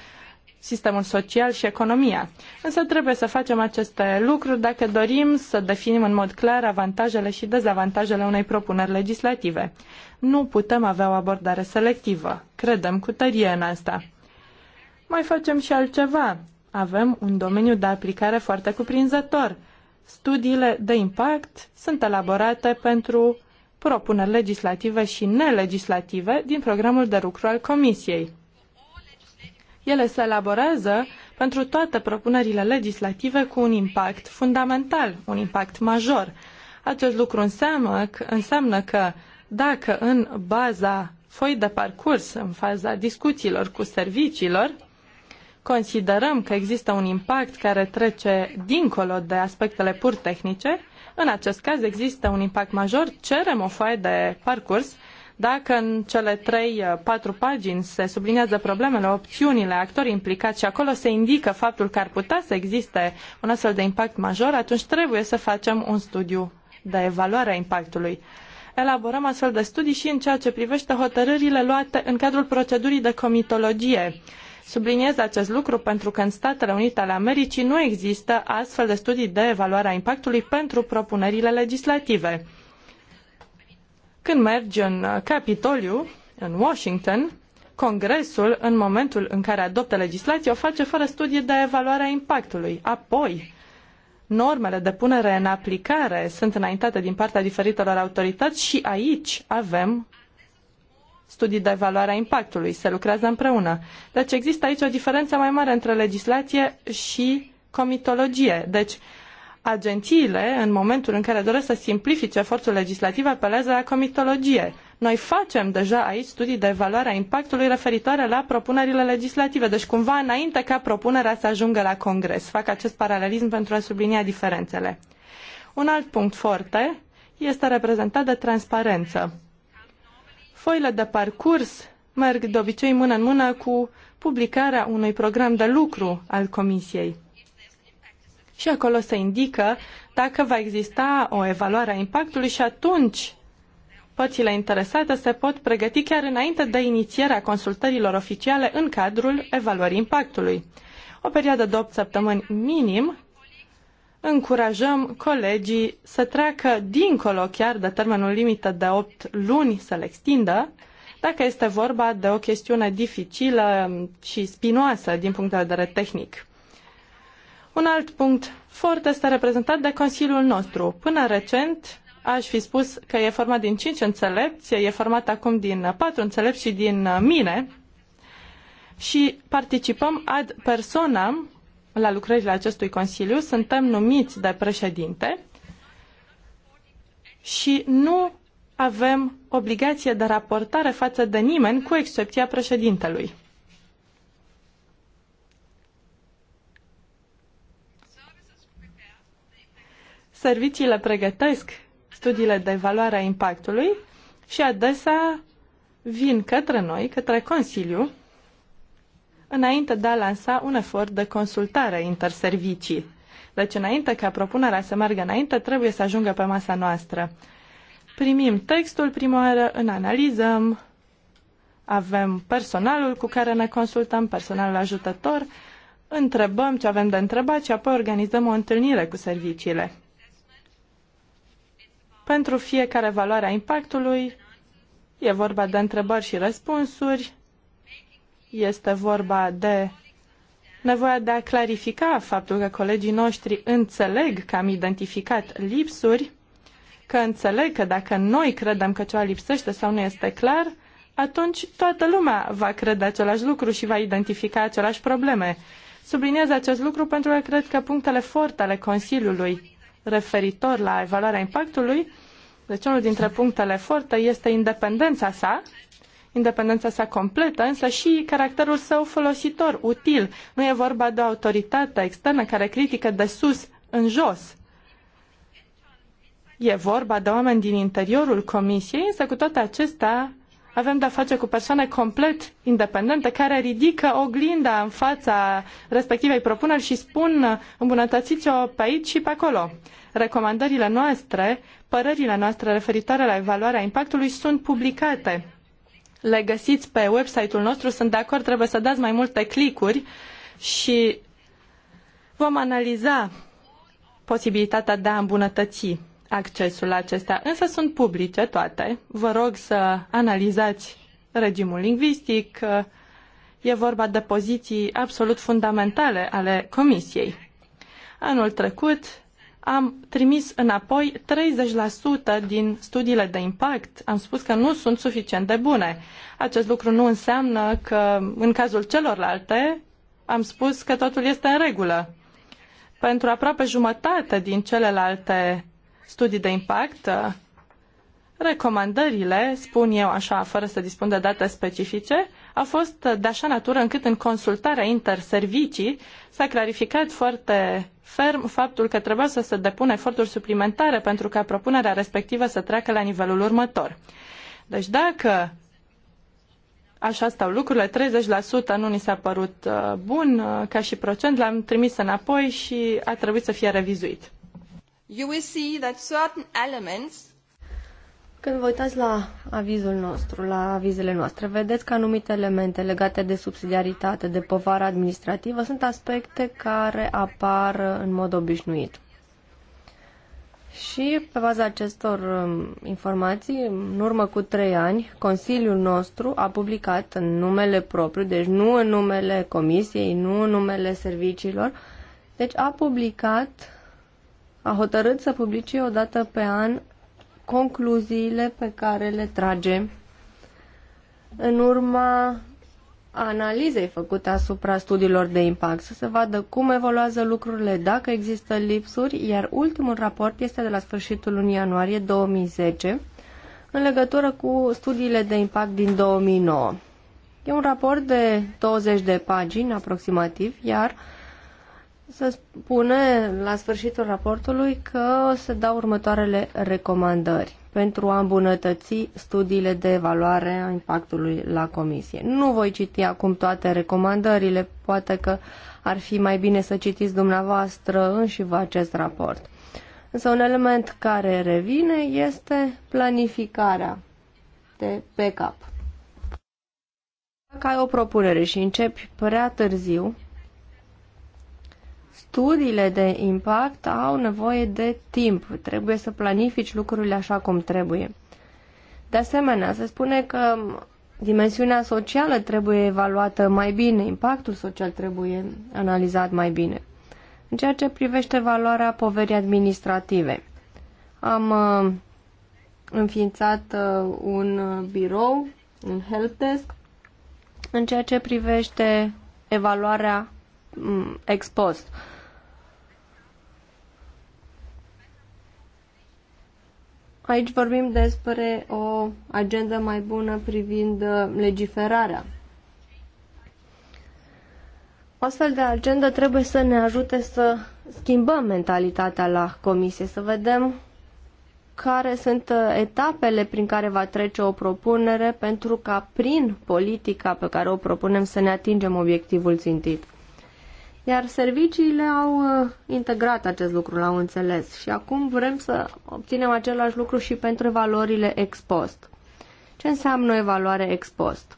[SPEAKER 2] sistemul social și economia. Însă trebuie să facem aceste lucruri dacă dorim să definim în mod clar avantajele și dezavantajele unei propuneri legislative. Nu putem avea o abordare selectivă. Credem cu tărie în asta. Mai facem și altceva. Avem un domeniu de aplicare foarte cuprinzător. Studiile de impact sunt elaborate pentru propuneri legislative și nelegislative din programul de lucru al Comisiei ele se elaborează pentru toate propunerile legislative cu un impact fundamental, un impact major. Acest lucru înseamnă că, înseamnă că dacă în baza foi de parcurs, în faza discuțiilor cu serviciilor, considerăm că există un impact care trece dincolo de aspectele pur tehnice, în acest caz există un impact major, cerem o foaie de parcurs dacă în cele trei uh, patru pagini se subliniază problemele, opțiunile, actorii implicați și acolo se indică faptul că ar putea să existe un astfel de impact major, atunci trebuie să facem un studiu de evaluare a impactului. Elaborăm astfel de studii și în ceea ce privește hotărârile luate în cadrul procedurii de comitologie. Subliniez acest lucru pentru că în Statele Unite ale Americii nu există astfel de studii de evaluare a impactului pentru propunerile legislative. Când mergi în uh, Capitoliu, în Washington, Congresul, în momentul în care adoptă legislație, o face fără studii de evaluare a impactului. Apoi, normele de punere în aplicare sunt înaintate din partea diferitelor autorități și aici avem studii de evaluare a impactului, se lucrează împreună. Deci există aici o diferență mai mare între legislație și comitologie. Deci agențiile, în momentul în care doresc să simplifice efortul legislativ, apelează la comitologie. Noi facem deja aici studii de evaluare a impactului referitoare la propunerile legislative, deci cumva înainte ca propunerea să ajungă la Congres. Fac acest paralelism pentru a sublinia diferențele. Un alt punct foarte este reprezentat de transparență. Foile de parcurs merg de obicei mână în mână cu publicarea unui program de lucru al Comisiei și acolo se indică dacă va exista o evaluare a impactului și atunci părțile interesate se pot pregăti chiar înainte de inițierea consultărilor oficiale în cadrul evaluării impactului. O perioadă de 8 săptămâni minim încurajăm colegii să treacă dincolo chiar de termenul limită de 8 luni să le extindă, dacă este vorba de o chestiune dificilă și spinoasă din punct de vedere tehnic. Un alt punct fort este reprezentat de Consiliul nostru. Până recent, aș fi spus că e format din cinci înțelepți, e format acum din patru înțelepți și din uh, mine și participăm ad personam la lucrările acestui Consiliu, suntem numiți de președinte și nu avem obligație de raportare față de nimeni, cu excepția președintelui. serviciile pregătesc studiile de evaluare a impactului și adesea vin către noi, către Consiliu, înainte de a lansa un efort de consultare interservicii. Deci, înainte ca propunerea să meargă înainte, trebuie să ajungă pe masa noastră. Primim textul prima oară, îl analizăm, avem personalul cu care ne consultăm, personalul ajutător, întrebăm ce avem de întrebat și apoi organizăm o întâlnire cu serviciile. Pentru fiecare valoare a impactului e vorba de întrebări și răspunsuri, este vorba de nevoia de a clarifica faptul că colegii noștri înțeleg că am identificat lipsuri, că înțeleg că dacă noi credem că ceva lipsește sau nu este clar, atunci toată lumea va crede același lucru și va identifica același probleme. Subliniez acest lucru pentru că cred că punctele forte ale Consiliului referitor la evaluarea impactului, deci unul dintre punctele forte este independența sa, independența sa completă, însă și caracterul său folositor, util. Nu e vorba de o autoritate externă care critică de sus în jos. E vorba de oameni din interiorul comisiei, însă cu toate acestea avem de-a face cu persoane complet independente care ridică oglinda în fața respectivei propuneri și spun îmbunătățiți-o pe aici și pe acolo. Recomandările noastre, părerile noastre referitoare la evaluarea impactului sunt publicate. Le găsiți pe website-ul nostru, sunt de acord, trebuie să dați mai multe clicuri și vom analiza posibilitatea de a îmbunătăți accesul la acestea, însă sunt publice toate. Vă rog să analizați regimul lingvistic. E vorba de poziții absolut fundamentale ale Comisiei. Anul trecut am trimis înapoi 30% din studiile de impact. Am spus că nu sunt suficient de bune. Acest lucru nu înseamnă că în cazul celorlalte am spus că totul este în regulă. Pentru aproape jumătate din celelalte studii de impact, uh, recomandările, spun eu așa, fără să dispun de date specifice, a fost de așa natură încât în consultarea interservicii s-a clarificat foarte ferm faptul că trebuia să se depună eforturi suplimentare pentru ca propunerea respectivă să treacă la nivelul următor. Deci dacă așa stau lucrurile, 30% nu ni s-a părut uh, bun uh, ca și procent, l-am trimis
[SPEAKER 3] înapoi și a trebuit să fie revizuit
[SPEAKER 1] you will see that certain elements
[SPEAKER 3] când vă uitați la avizul nostru, la avizele noastre, vedeți că anumite elemente legate de subsidiaritate, de povară administrativă, sunt aspecte care apar în mod obișnuit. Și pe baza acestor um, informații, în urmă cu trei ani, Consiliul nostru a publicat în numele propriu, deci nu în numele Comisiei, nu în numele serviciilor, deci a publicat a hotărât să publice o dată pe an concluziile pe care le trage în urma analizei făcute asupra studiilor de impact, să se vadă cum evoluează lucrurile, dacă există lipsuri, iar ultimul raport este de la sfârșitul lunii ianuarie 2010, în legătură cu studiile de impact din 2009. E un raport de 20 de pagini aproximativ, iar uh, se spune la sfârșitul raportului că se dau următoarele recomandări pentru a îmbunătăți studiile de evaluare a impactului la comisie. Nu voi citi acum toate recomandările, poate că ar fi mai bine să citiți dumneavoastră înși vă acest raport. Însă un element care revine este planificarea de backup. Dacă ai o propunere și începi prea târziu, studiile de impact au nevoie de timp. Trebuie să planifici lucrurile așa cum trebuie. De asemenea, se spune că dimensiunea socială trebuie evaluată mai bine, impactul social trebuie analizat mai bine. În ceea ce privește valoarea poverii administrative, am uh, înființat uh, un birou, un helpdesk, în ceea ce privește evaluarea um, post. Aici vorbim despre o agendă mai bună privind uh, legiferarea. O astfel de agendă trebuie să ne ajute să schimbăm mentalitatea la comisie, să vedem care sunt uh, etapele prin care va trece o propunere pentru ca prin politica pe care o propunem să ne atingem obiectivul țintit. Iar serviciile au uh, integrat acest lucru, l-au înțeles. Și acum vrem să obținem același lucru și pentru valorile ex post. Ce înseamnă evaluare ex post?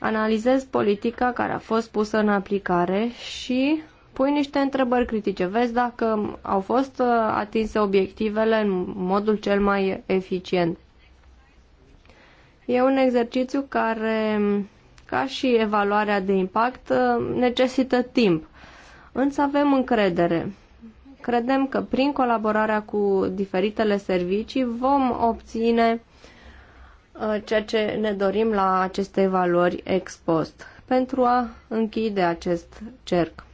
[SPEAKER 3] Analizezi politica care a fost pusă în aplicare și pui niște întrebări critice. Vezi dacă au fost uh, atinse obiectivele în modul cel mai eficient. E un exercițiu care, ca și evaluarea de impact, uh, necesită timp. Însă avem încredere. Credem că prin colaborarea cu diferitele servicii vom obține uh, ceea ce ne dorim la aceste valori ex post pentru a închide acest cerc.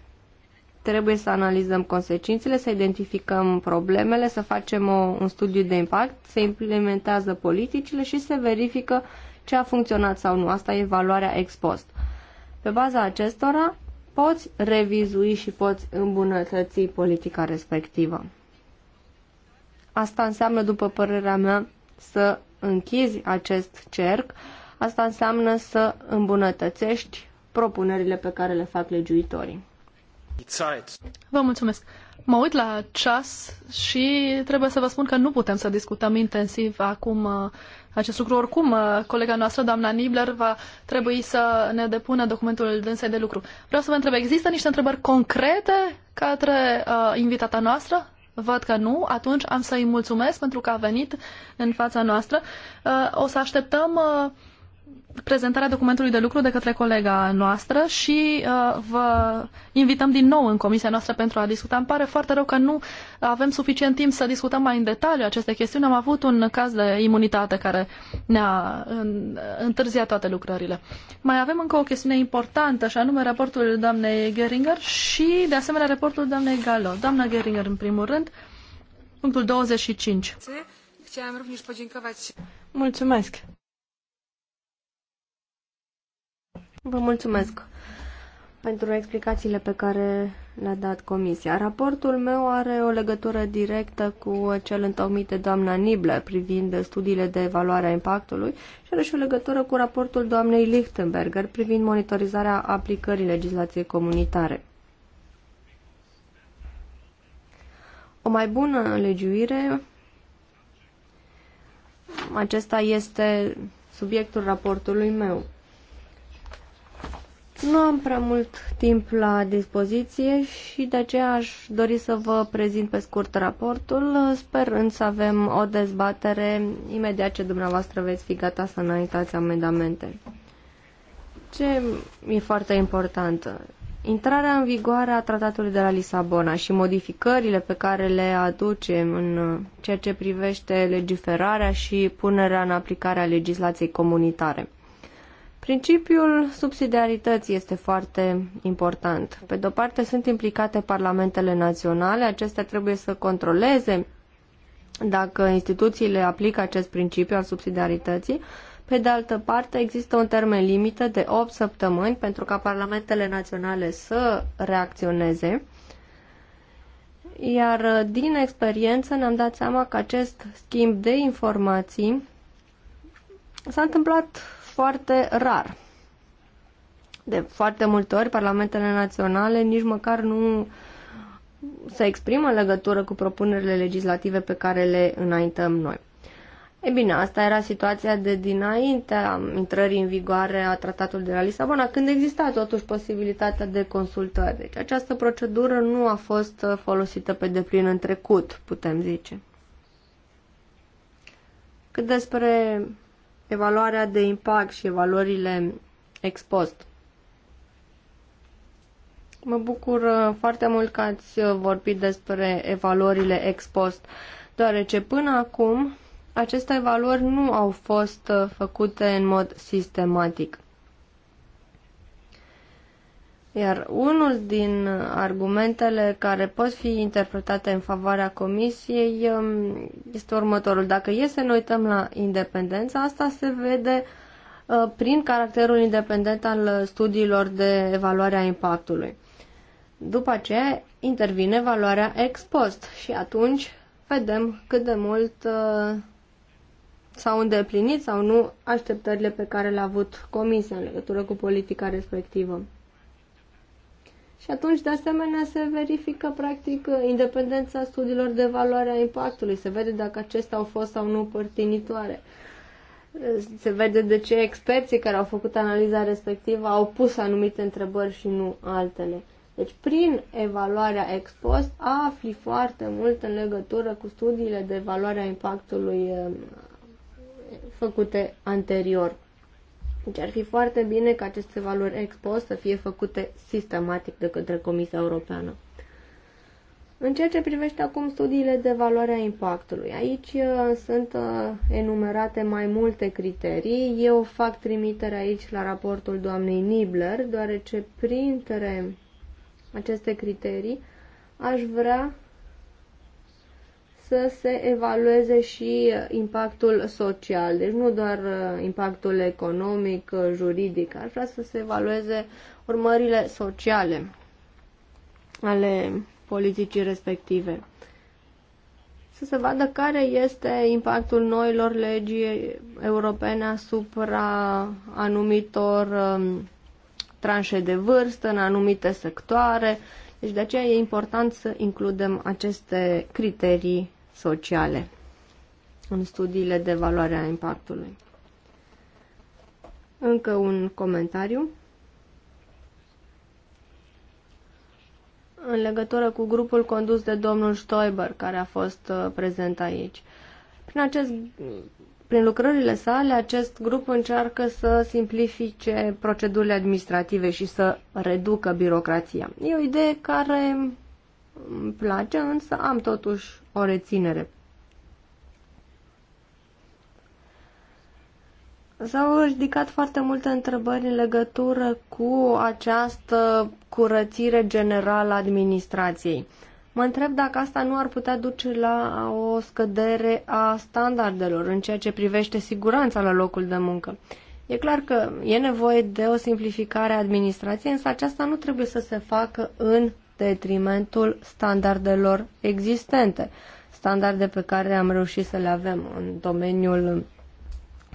[SPEAKER 3] Trebuie să analizăm consecințele, să identificăm problemele, să facem o, un studiu de impact, se implementează politicile și se verifică ce a funcționat sau nu. Asta e evaluarea ex post. Pe baza acestora poți revizui și poți îmbunătăți politica respectivă. Asta înseamnă, după părerea mea, să închizi acest cerc, asta înseamnă să
[SPEAKER 1] îmbunătățești propunerile pe care le fac legiuitorii. Vă mulțumesc. Mă uit la ceas și trebuie să vă spun că nu putem să discutăm intensiv acum uh, acest lucru. Oricum, uh, colega noastră, doamna Nibler, va trebui să ne depună documentul dânsei de lucru. Vreau să vă întreb, există niște întrebări concrete către uh, invitata noastră? Văd că nu, atunci am să-i mulțumesc pentru că a venit în fața noastră. Uh, o să așteptăm uh, prezentarea documentului de lucru de către colega noastră și uh, vă invităm din nou în comisia noastră pentru a discuta. Îmi pare foarte rău că nu avem suficient timp să discutăm mai în detaliu aceste chestiuni. Am avut un caz de imunitate care ne-a întârziat toate lucrările. Mai avem încă o chestiune importantă, și anume raportul doamnei Geringer și, de asemenea, raportul doamnei Gallo. Doamna Geringer, în primul rând, punctul 25. Mulțumesc!
[SPEAKER 3] Vă mulțumesc pentru explicațiile pe care le-a dat Comisia. Raportul meu are o legătură directă cu cel întocmit de doamna Nibler privind studiile de evaluare a impactului și are și o legătură cu raportul doamnei Lichtenberger privind monitorizarea aplicării legislației comunitare. O mai bună legiuire, acesta este subiectul raportului meu. Nu am prea mult timp la dispoziție și de aceea aș dori să vă prezint pe scurt raportul, sperând să avem o dezbatere imediat ce dumneavoastră veți fi gata să înaintați amendamente. Ce e foarte important? Intrarea în vigoare a tratatului de la Lisabona și modificările pe care le aducem în ceea ce privește legiferarea și punerea în aplicare a legislației comunitare. Principiul subsidiarității este foarte important. Pe de-o parte sunt implicate parlamentele naționale, acestea trebuie să controleze dacă instituțiile aplică acest principiu al subsidiarității. Pe de altă parte, există un termen limită de 8 săptămâni pentru ca parlamentele naționale să reacționeze. Iar uh, din experiență ne-am dat seama că acest schimb de informații s-a întâmplat foarte rar. De foarte multe ori, parlamentele naționale nici măcar nu se exprimă în legătură cu propunerile legislative pe care le înaintăm noi. E bine, asta era situația de dinaintea intrării în vigoare a tratatului de la Lisabona, când exista totuși posibilitatea de consultări. Deci această procedură nu a fost folosită pe deplin în trecut, putem zice. Cât despre evaluarea de impact și evaluările ex post. Mă bucur uh, foarte mult că ați uh, vorbit despre evaluările ex post, deoarece până acum aceste evaluări nu au fost uh, făcute în mod sistematic. Iar unul din argumentele care pot fi interpretate în favoarea comisiei um, este următorul. Dacă e să ne uităm la independența, asta se vede uh, prin caracterul independent al studiilor de evaluare a impactului. După aceea intervine valoarea ex post și atunci vedem cât de mult uh, s-au îndeplinit sau nu așteptările pe care le-a avut comisia în legătură cu politica respectivă. Și atunci, de asemenea, se verifică, practic, independența studiilor de valoare a impactului. Se vede dacă acestea au fost sau nu părtinitoare. Se vede de ce experții care au făcut analiza respectivă au pus anumite întrebări și nu altele. Deci, prin evaluarea ex post, afli foarte mult în legătură cu studiile de valoare a impactului eh, făcute anterior. Deci ar fi foarte bine ca aceste valori ex post să fie făcute sistematic de către Comisia Europeană. În ceea ce privește acum studiile de valoare a impactului, aici uh, sunt uh, enumerate mai multe criterii. Eu fac trimitere aici la raportul doamnei Nibler, deoarece printre aceste criterii aș vrea să se evalueze și uh, impactul social, deci nu doar uh, impactul economic, uh, juridic, ar vrea să se evalueze urmările sociale ale politicii respective. Să se vadă care este impactul noilor legi europene asupra anumitor um, tranșe de vârstă în anumite sectoare, deci de aceea e important să includem aceste criterii sociale în studiile de valoare a impactului. Încă un comentariu. În legătură cu grupul condus de domnul Stoiber, care a fost uh, prezent aici. Prin, acest, prin lucrările sale, acest grup încearcă să simplifice procedurile administrative și să reducă birocrația. E o idee care îmi place, însă am totuși o reținere. S-au ridicat foarte multe întrebări în legătură cu această curățire generală a administrației. Mă întreb dacă asta nu ar putea duce la o scădere a standardelor în ceea ce privește siguranța la locul de muncă. E clar că e nevoie de o simplificare a administrației, însă aceasta nu trebuie să se facă în detrimentul standardelor existente, standarde pe care am reușit să le avem în domeniul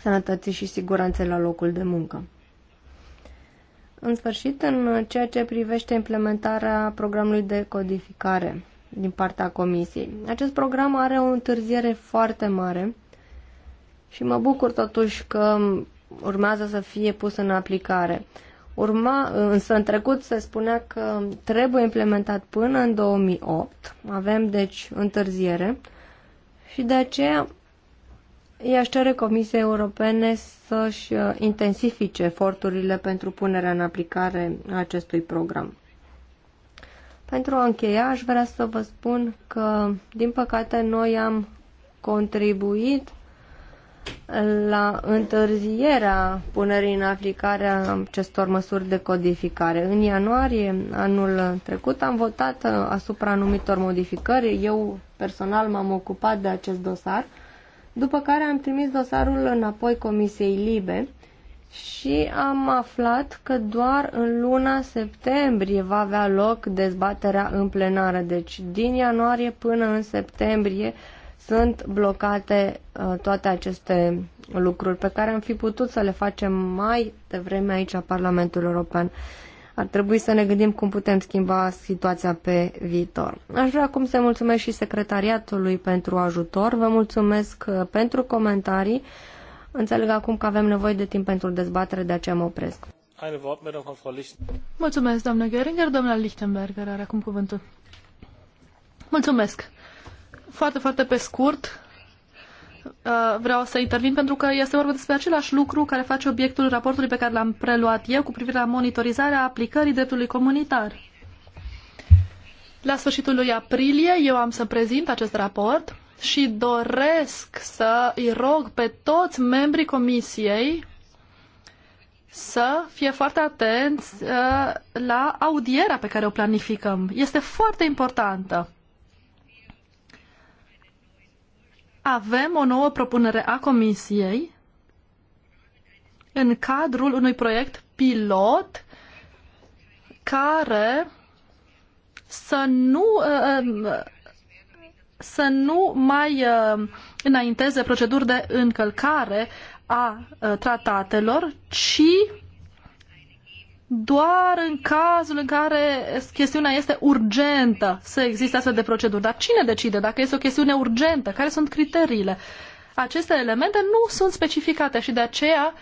[SPEAKER 3] sănătății și siguranței la locul de muncă. În sfârșit, în ceea ce privește implementarea programului de codificare din partea Comisiei, acest program are o întârziere foarte mare și mă bucur totuși că urmează să fie pus în aplicare. Urma, însă în trecut se spunea că trebuie implementat până în 2008, avem deci întârziere și de aceea i-aș cere Comisiei Europene să-și uh, intensifice eforturile pentru punerea în aplicare a acestui program. Pentru a încheia, aș vrea să vă spun că, din păcate, noi am contribuit la întârzierea punerii în aplicare a acestor măsuri de codificare. În ianuarie anul trecut am votat asupra anumitor modificări. Eu personal m-am ocupat de acest dosar, după care am trimis dosarul înapoi Comisiei Libe și am aflat că doar în luna septembrie va avea loc dezbaterea în plenară. Deci din ianuarie până în septembrie sunt blocate uh, toate aceste lucruri pe care am fi putut să le facem mai devreme aici la Parlamentul European. Ar trebui să ne gândim cum putem schimba situația pe viitor. Aș vrea acum să mulțumesc și secretariatului pentru ajutor. Vă mulțumesc uh, pentru comentarii. Înțeleg acum că avem nevoie de timp pentru dezbatere, de aceea mă opresc.
[SPEAKER 1] Mulțumesc, doamnă Göringer. Doamna Lichtenberger are acum cuvântul. Mulțumesc. Foarte, foarte pe scurt, uh, vreau să intervin pentru că este vorba despre același lucru care face obiectul raportului pe care l-am preluat eu cu privire la monitorizarea aplicării dreptului comunitar. La sfârșitul lui aprilie eu am să prezint acest raport și doresc să îi rog pe toți membrii comisiei să fie foarte atenți uh, la audierea pe care o planificăm. Este foarte importantă avem o nouă propunere a Comisiei în cadrul unui proiect pilot care să nu uh, um, să nu mai uh, înainteze proceduri de încălcare a uh, tratatelor, ci doar în cazul în care chestiunea este urgentă să existe astfel de proceduri. Dar cine decide dacă este o chestiune urgentă? Care sunt criteriile? Aceste elemente nu sunt specificate și de aceea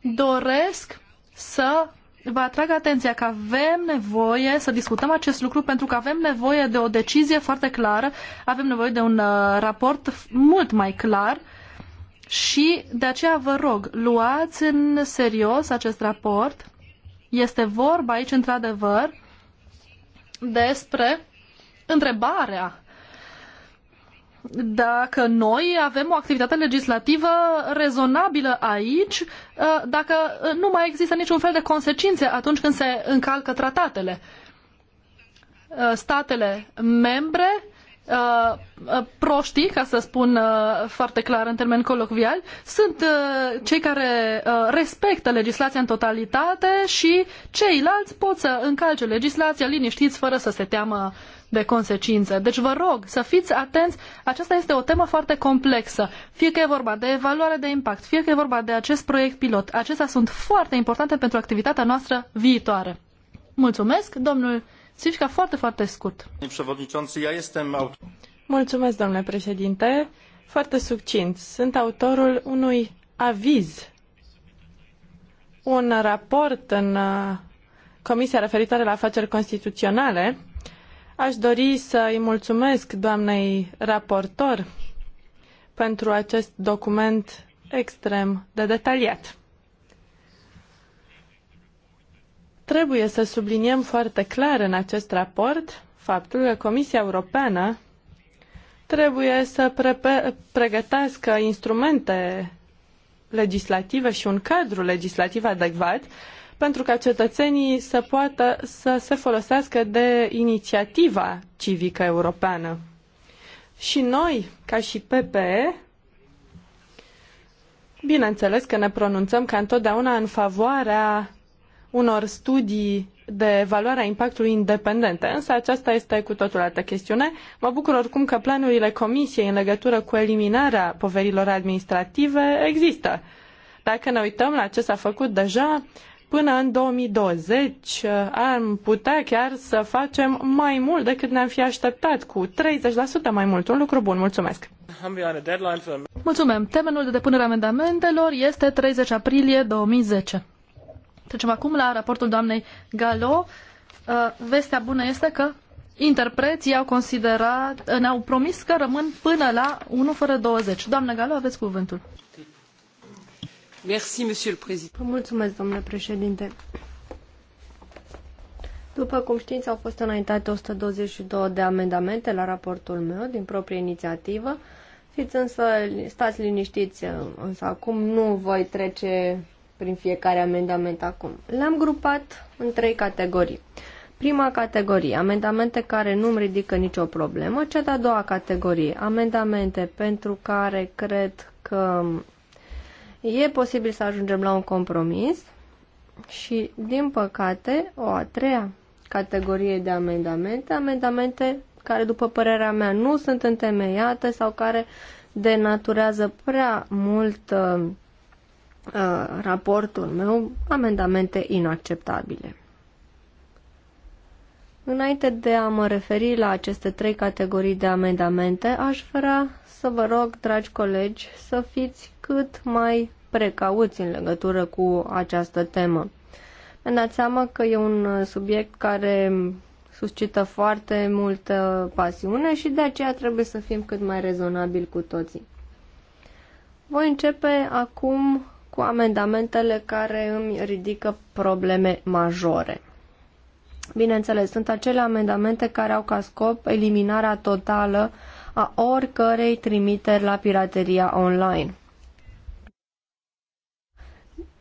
[SPEAKER 1] doresc să vă atrag atenția că avem nevoie să discutăm acest lucru pentru că avem nevoie de o decizie foarte clară, avem nevoie de un uh, raport mult mai clar și de aceea vă rog, luați în serios acest raport este vorba aici, într-adevăr, despre întrebarea dacă noi avem o activitate legislativă rezonabilă aici, uh, dacă uh, nu mai există niciun fel de consecințe atunci când se încalcă tratatele. Uh, statele membre Uh, uh, proștii, ca să spun uh, foarte clar în termeni colocviali, sunt cei care respectă legislația în totalitate și ceilalți pot să încalce legislația liniștiți fără să se teamă de consecințe. Deci vă rog să fiți atenți, aceasta este o temă foarte complexă. Fie că e vorba de evaluare de impact, fie că e vorba de acest proiect pilot, acestea sunt foarte importante pentru activitatea noastră viitoare. Mulțumesc, domnul Țifca foarte, foarte scurt.
[SPEAKER 2] Mulțumesc, domnule președinte. Foarte succint. Sunt autorul unui aviz, un raport în uh, Comisia referitoare la afaceri constituționale. Aș dori să îi mulțumesc doamnei raportor pentru acest document extrem de detaliat. Trebuie să subliniem foarte clar în acest raport faptul că Comisia Europeană trebuie să pregătească instrumente legislative și un cadru legislativ adecvat pentru ca cetățenii să poată să se folosească de inițiativa civică europeană. Și noi, ca și PPE, bineînțeles că ne pronunțăm ca întotdeauna în favoarea unor studii de evaluare a impactului independente, însă aceasta este cu totul altă chestiune. Mă bucur oricum că planurile Comisiei în legătură cu eliminarea poverilor administrative există. Dacă ne uităm la ce s-a făcut deja, până în 2020 uh, am putea chiar să facem mai mult decât ne-am fi așteptat, cu 30% mai mult. Un lucru bun, mulțumesc!
[SPEAKER 1] Mulțumim! Termenul de depunere a amendamentelor este 30 aprilie 2010. Trecem acum la raportul doamnei Galo. Uh, vestea bună este că interpreții au considerat, uh, ne-au promis că rămân până la 1 fără 20. Doamna Galo, aveți cuvântul.
[SPEAKER 4] Merci, monsieur le président.
[SPEAKER 3] Mulțumesc, domnule președinte. După cum știți, au fost înaintate 122 de amendamente la raportul meu din proprie inițiativă. Fiți însă, stați liniștiți, însă acum nu voi trece prin fiecare amendament acum. Le-am grupat în trei categorii. Prima categorie, amendamente care nu-mi ridică nicio problemă. Cea de-a doua categorie, amendamente pentru care cred că e posibil să ajungem la un compromis. Și, din păcate, o a treia categorie de amendamente, amendamente care, după părerea mea, nu sunt întemeiate sau care denaturează prea mult uh, Uh, raportul meu amendamente inacceptabile. Înainte de a mă referi la aceste trei categorii de amendamente, aș vrea să vă rog, dragi colegi, să fiți cât mai precauți în legătură cu această temă. Îmi am seama că e un subiect care suscită foarte multă pasiune și de aceea trebuie să fim cât mai rezonabili cu toții. Voi începe acum cu amendamentele care îmi ridică probleme majore. Bineînțeles, sunt acele amendamente care au ca scop eliminarea totală a oricărei trimiteri la pirateria online.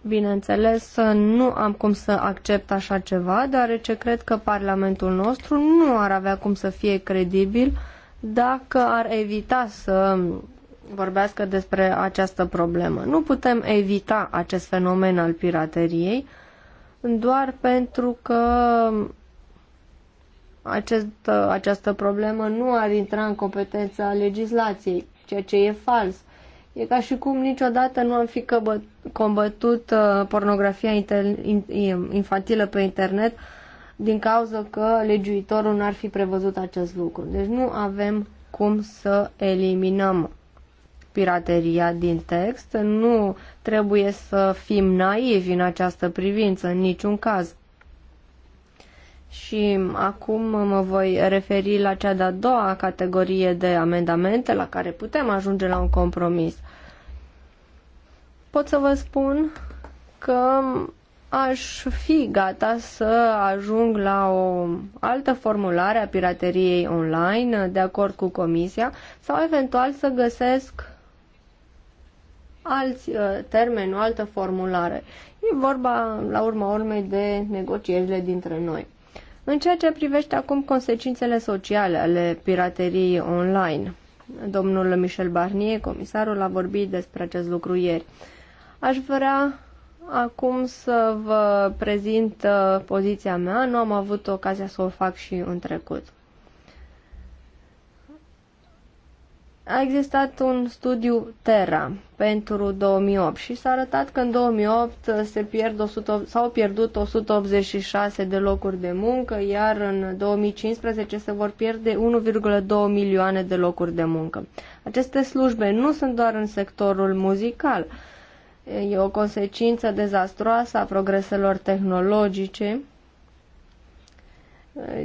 [SPEAKER 3] Bineînțeles, nu am cum să accept așa ceva, deoarece cred că Parlamentul nostru nu ar avea cum să fie credibil dacă ar evita să vorbească despre această problemă. Nu putem evita acest fenomen al pirateriei doar pentru că acest, această problemă nu ar intra în competența legislației, ceea ce e fals. E ca și cum niciodată nu am fi căbă, combătut uh, pornografia inter, infantilă pe internet din cauza că legiuitorul n-ar fi prevăzut acest lucru. Deci nu avem cum să eliminăm pirateria din text. Nu trebuie să fim naivi în această privință, în niciun caz. Și acum mă voi referi la cea de-a doua categorie de amendamente la care putem ajunge la un compromis. Pot să vă spun că aș fi gata să ajung la o altă formulare a pirateriei online, de acord cu comisia, sau eventual să găsesc alți uh, termeni, o altă formulare. E vorba, la urma urmei, de negocierile dintre noi. În ceea ce privește acum consecințele sociale ale pirateriei online, domnul Michel Barnier, comisarul, a vorbit despre acest lucru ieri. Aș vrea acum să vă prezint uh, poziția mea, nu am avut ocazia să o fac și în trecut. a existat un studiu Terra pentru 2008 și s-a arătat că în 2008 uh, se pierd 100, s-au pierdut 186 de locuri de muncă, iar în 2015 se vor pierde 1,2 milioane de locuri de muncă. Aceste slujbe nu sunt doar în sectorul muzical. E o consecință dezastroasă a progreselor tehnologice uh,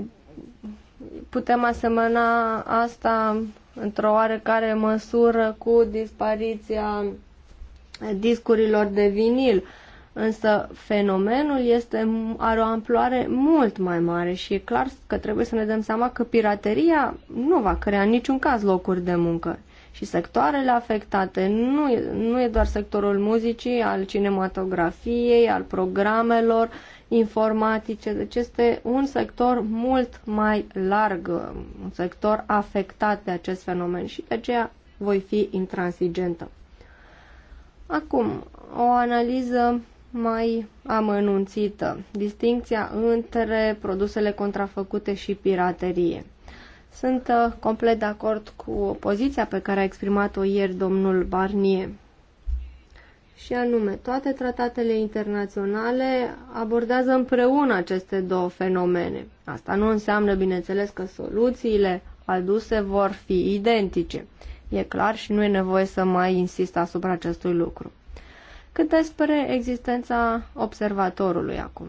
[SPEAKER 3] putem asemăna asta într-o oarecare măsură cu dispariția discurilor de vinil. Însă fenomenul este, are o amploare mult mai mare și e clar că trebuie să ne dăm seama că pirateria nu va crea în niciun caz locuri de muncă. Și sectoarele afectate nu e, nu e doar sectorul muzicii, al cinematografiei, al programelor, uh, informatice. Deci este un sector mult mai larg, un sector afectat de acest fenomen și de aceea voi fi intransigentă. Acum, o analiză mai amănunțită, distinția între produsele contrafăcute și piraterie. Sunt uh, complet de acord cu poziția pe care a exprimat-o ieri domnul Barnier și anume, toate tratatele internaționale abordează împreună aceste două fenomene. Asta nu înseamnă, bineînțeles, că soluțiile aduse vor fi identice. E clar și nu e nevoie să mai insist asupra acestui lucru. Cât despre existența observatorului acum.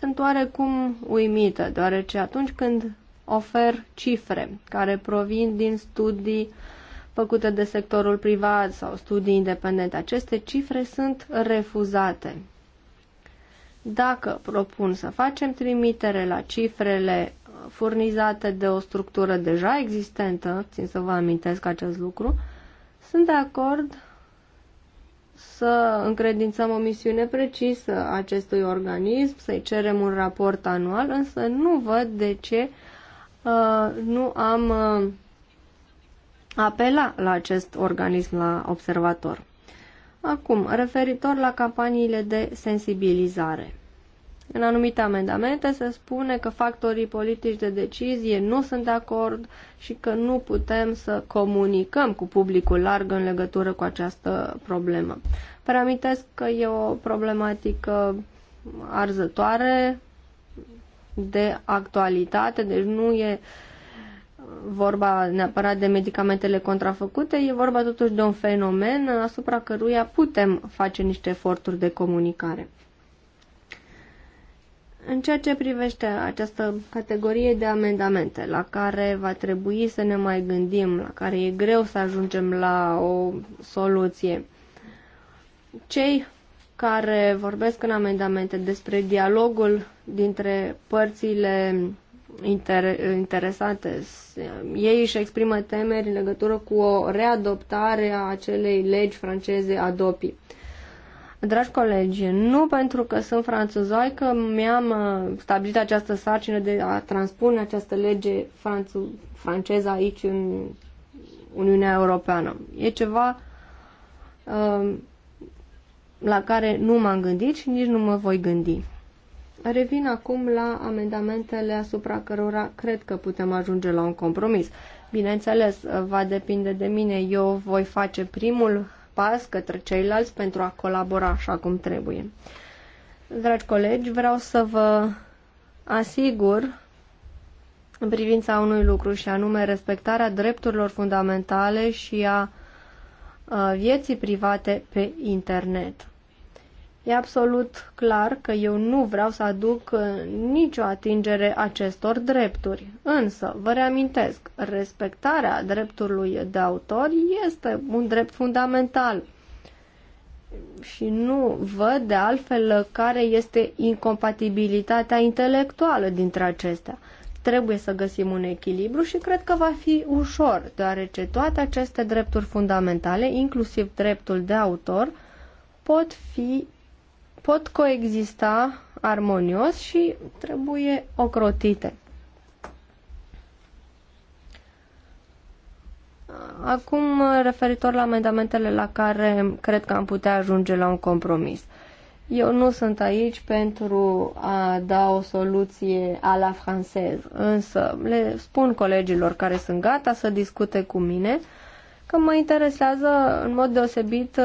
[SPEAKER 3] Sunt oarecum uimită, deoarece atunci când ofer cifre care provin din studii uh, făcute de sectorul privat sau studii independente. Aceste cifre sunt refuzate. Dacă propun să facem trimitere la cifrele furnizate de o structură deja existentă, țin să vă amintesc acest lucru, sunt de acord să încredințăm o misiune precisă acestui organism, să-i cerem un raport anual, însă nu văd de ce uh, nu am uh, apela la acest organism, la observator. Acum, referitor la campaniile de sensibilizare. În anumite amendamente se spune că factorii politici de decizie nu sunt de acord și că nu putem să comunicăm cu publicul larg în legătură cu această problemă. Preamintesc că e o problematică arzătoare de actualitate, deci nu e uh, vorba neapărat de medicamentele contrafăcute, e vorba totuși de un fenomen asupra căruia putem face niște eforturi de comunicare. În ceea ce privește această categorie de amendamente la care va trebui să ne mai gândim, la care e greu să ajungem la o soluție, cei care vorbesc în amendamente despre dialogul dintre părțile inter- interesate. Ei își exprimă temeri în legătură cu o readoptare a acelei legi franceze Adopi. Dragi colegi, nu pentru că sunt franțuzoică mi-am uh, stabilit această sarcină de a transpune această lege franceză aici în Uniunea Europeană. E ceva uh, la care nu m-am gândit și nici nu mă voi gândi. Revin acum la amendamentele asupra cărora cred că putem ajunge la un compromis. Bineînțeles, va depinde de mine. Eu voi face primul pas către ceilalți pentru a colabora așa cum trebuie. Dragi colegi, vreau să vă asigur în privința unui lucru și anume respectarea drepturilor fundamentale și a vieții private pe internet. E absolut clar că eu nu vreau să aduc uh, nicio atingere acestor drepturi. Însă, vă reamintesc, respectarea dreptului de autor este un drept fundamental și nu văd de altfel care este incompatibilitatea intelectuală dintre acestea. Trebuie să găsim un echilibru și cred că va fi ușor, deoarece toate aceste drepturi fundamentale, inclusiv dreptul de autor, pot fi pot coexista armonios și trebuie ocrotite. Acum, referitor la amendamentele la care cred că am putea ajunge la un compromis. Eu nu sunt aici pentru a da o soluție a la franceză, însă le spun colegilor care sunt gata să discute cu mine că mă interesează în mod deosebit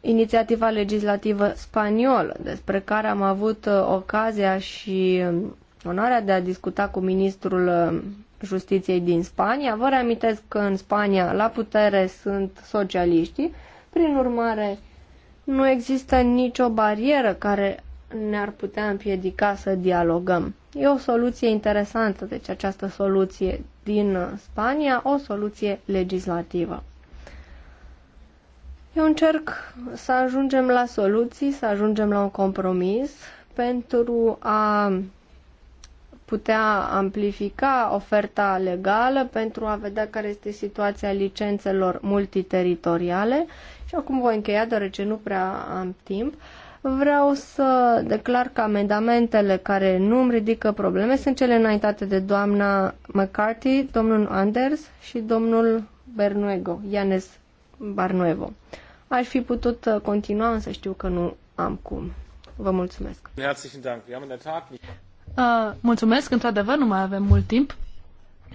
[SPEAKER 3] inițiativa legislativă spaniolă, despre care am avut uh, ocazia și um, onoarea de a discuta cu ministrul um, justiției din Spania. Vă reamintesc că în Spania la putere sunt socialiștii, prin urmare nu există nicio barieră care ne-ar putea împiedica să dialogăm. E o soluție interesantă, deci această soluție din uh, Spania, o soluție legislativă. Eu încerc să ajungem la soluții, să ajungem la un compromis pentru a putea amplifica oferta legală pentru a vedea care este situația licențelor multiteritoriale. Și acum voi încheia, deoarece nu prea am timp. Vreau să declar că amendamentele care nu îmi ridică probleme sunt cele înaintate de doamna McCarthy, domnul Anders și domnul Bernuego, Ianes Barnuevo. Aș fi putut uh, continua, însă știu că nu am cum. Vă mulțumesc.
[SPEAKER 1] Uh, mulțumesc, într-adevăr, nu mai avem mult timp.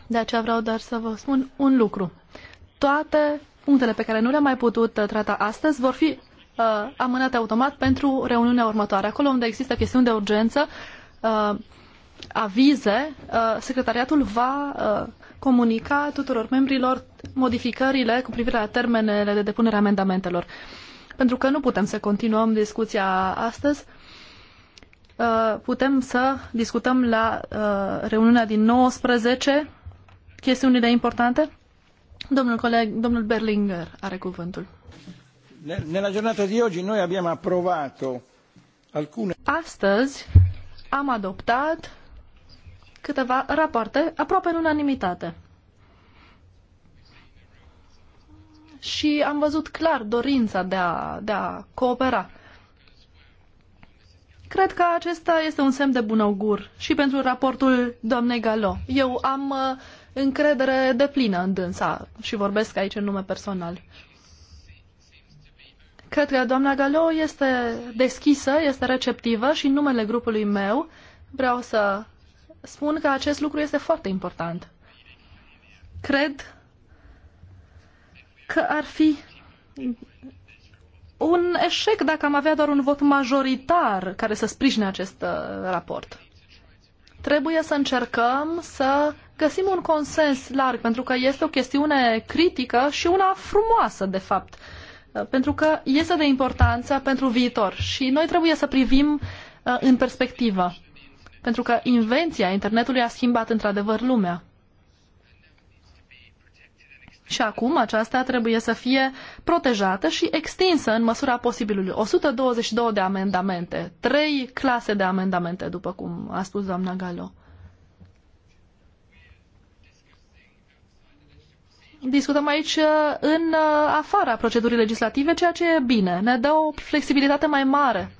[SPEAKER 1] De aceea vreau doar să vă spun un lucru. Toate punctele pe care nu le-am mai putut uh, trata astăzi vor fi uh, amânate automat pentru reuniunea următoare. Acolo unde există chestiuni de urgență, uh, avize, uh, secretariatul va uh, comunica tuturor membrilor modificările cu privire la termenele de depunere a amendamentelor. Pentru că nu putem să continuăm discuția astăzi, uh, putem să discutăm la uh, reuniunea din 19 chestiunile importante. Domnul coleg, domnul Berlinger are cuvântul.
[SPEAKER 2] Nella giornata di oggi noi abbiamo approvato
[SPEAKER 1] alcune... Astăzi am adoptat câteva rapoarte aproape în unanimitate. Și am văzut clar dorința de a, de a coopera. Cred că acesta este un semn de bun augur și pentru raportul doamnei Galo. Eu am uh, încredere deplină în dânsa și vorbesc aici în nume personal. Cred că doamna Galo este deschisă, este receptivă și în numele grupului meu vreau să spun că acest lucru este foarte important. Cred că ar fi un eșec dacă am avea doar un vot majoritar care să sprijine acest uh, raport. Trebuie să încercăm să găsim un consens larg, pentru că este o chestiune critică și una frumoasă, de fapt, uh, pentru că este de importanță pentru viitor și noi trebuie să privim uh, în perspectivă pentru că invenția internetului a schimbat într-adevăr lumea. Și acum aceasta trebuie să fie protejată și extinsă în măsura posibilului. 122 de amendamente, trei clase de amendamente, după cum a spus doamna Galo. Discutăm aici uh, în uh, afara procedurii legislative, ceea ce e bine. Ne dă o flexibilitate mai mare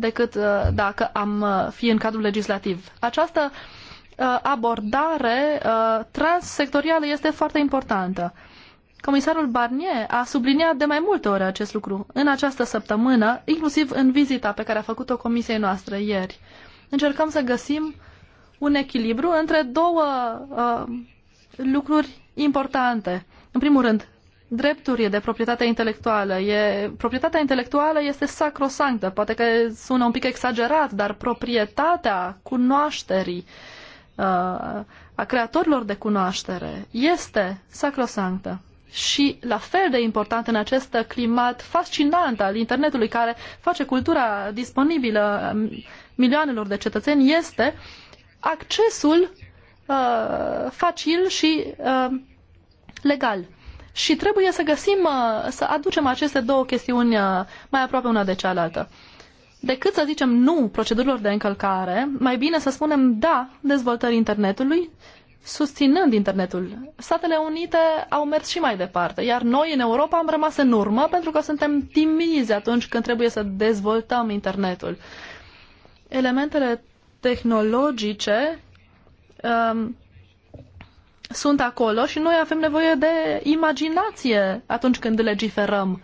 [SPEAKER 1] decât uh, dacă am uh, fi în cadrul legislativ. Această uh, abordare transsectorială este foarte importantă. Comisarul Barnier a subliniat de mai multe ori acest lucru în această săptămână, inclusiv în vizita pe care a făcut-o comisiei noastre ieri. Încercăm să găsim un echilibru între două uh, lucruri importante. În primul rând, drepturi de proprietate intelectuală. E, proprietatea intelectuală este sacrosanctă, poate că sună un pic exagerat, dar proprietatea cunoașterii, uh, a creatorilor de cunoaștere, este sacrosanctă. Și la fel de important în acest climat fascinant al internetului care face cultura disponibilă um, milioanelor de cetățeni este accesul uh, facil și uh, legal și trebuie să găsim, uh, să aducem aceste două chestiuni uh, mai aproape una de cealaltă. Decât să zicem nu procedurilor de încălcare, mai bine să spunem da dezvoltării internetului, susținând internetul. Statele Unite au mers și mai departe, iar noi în Europa am rămas în urmă pentru că suntem timizi atunci când trebuie să dezvoltăm internetul. Elementele tehnologice um, sunt acolo și noi avem nevoie de imaginație atunci când legiferăm.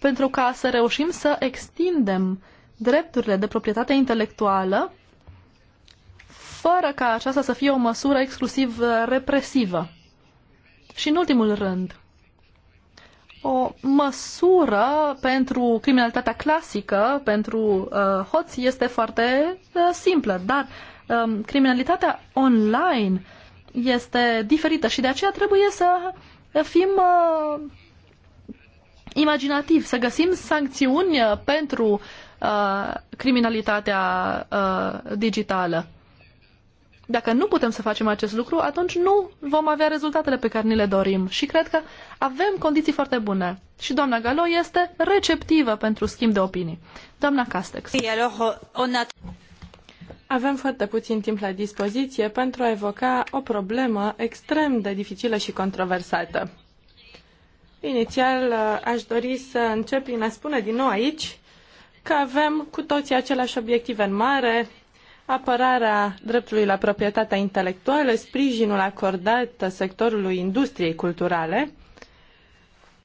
[SPEAKER 1] Pentru ca să reușim să extindem drepturile de proprietate intelectuală fără ca aceasta să fie o măsură exclusiv uh, represivă. Și în ultimul rând, o măsură pentru criminalitatea clasică, pentru uh, hoți, este foarte uh, simplă, dar uh, criminalitatea online este diferită și de aceea trebuie să fim uh, imaginativi, să găsim sancțiuni uh, pentru uh, criminalitatea uh, digitală. Dacă nu putem să facem acest lucru, atunci nu vom avea rezultatele pe care ni le dorim. Și cred că avem condiții foarte bune. Și doamna Galo este receptivă pentru schimb de opinii. Doamna Castex. Avem foarte puțin timp la dispoziție pentru a evoca o
[SPEAKER 2] problemă extrem de dificilă și controversată. Inițial, uh, aș dori să încep prin a spune din nou aici că avem cu toții același obiective în mare, apărarea dreptului la proprietatea intelectuală, sprijinul acordat sectorului industriei culturale,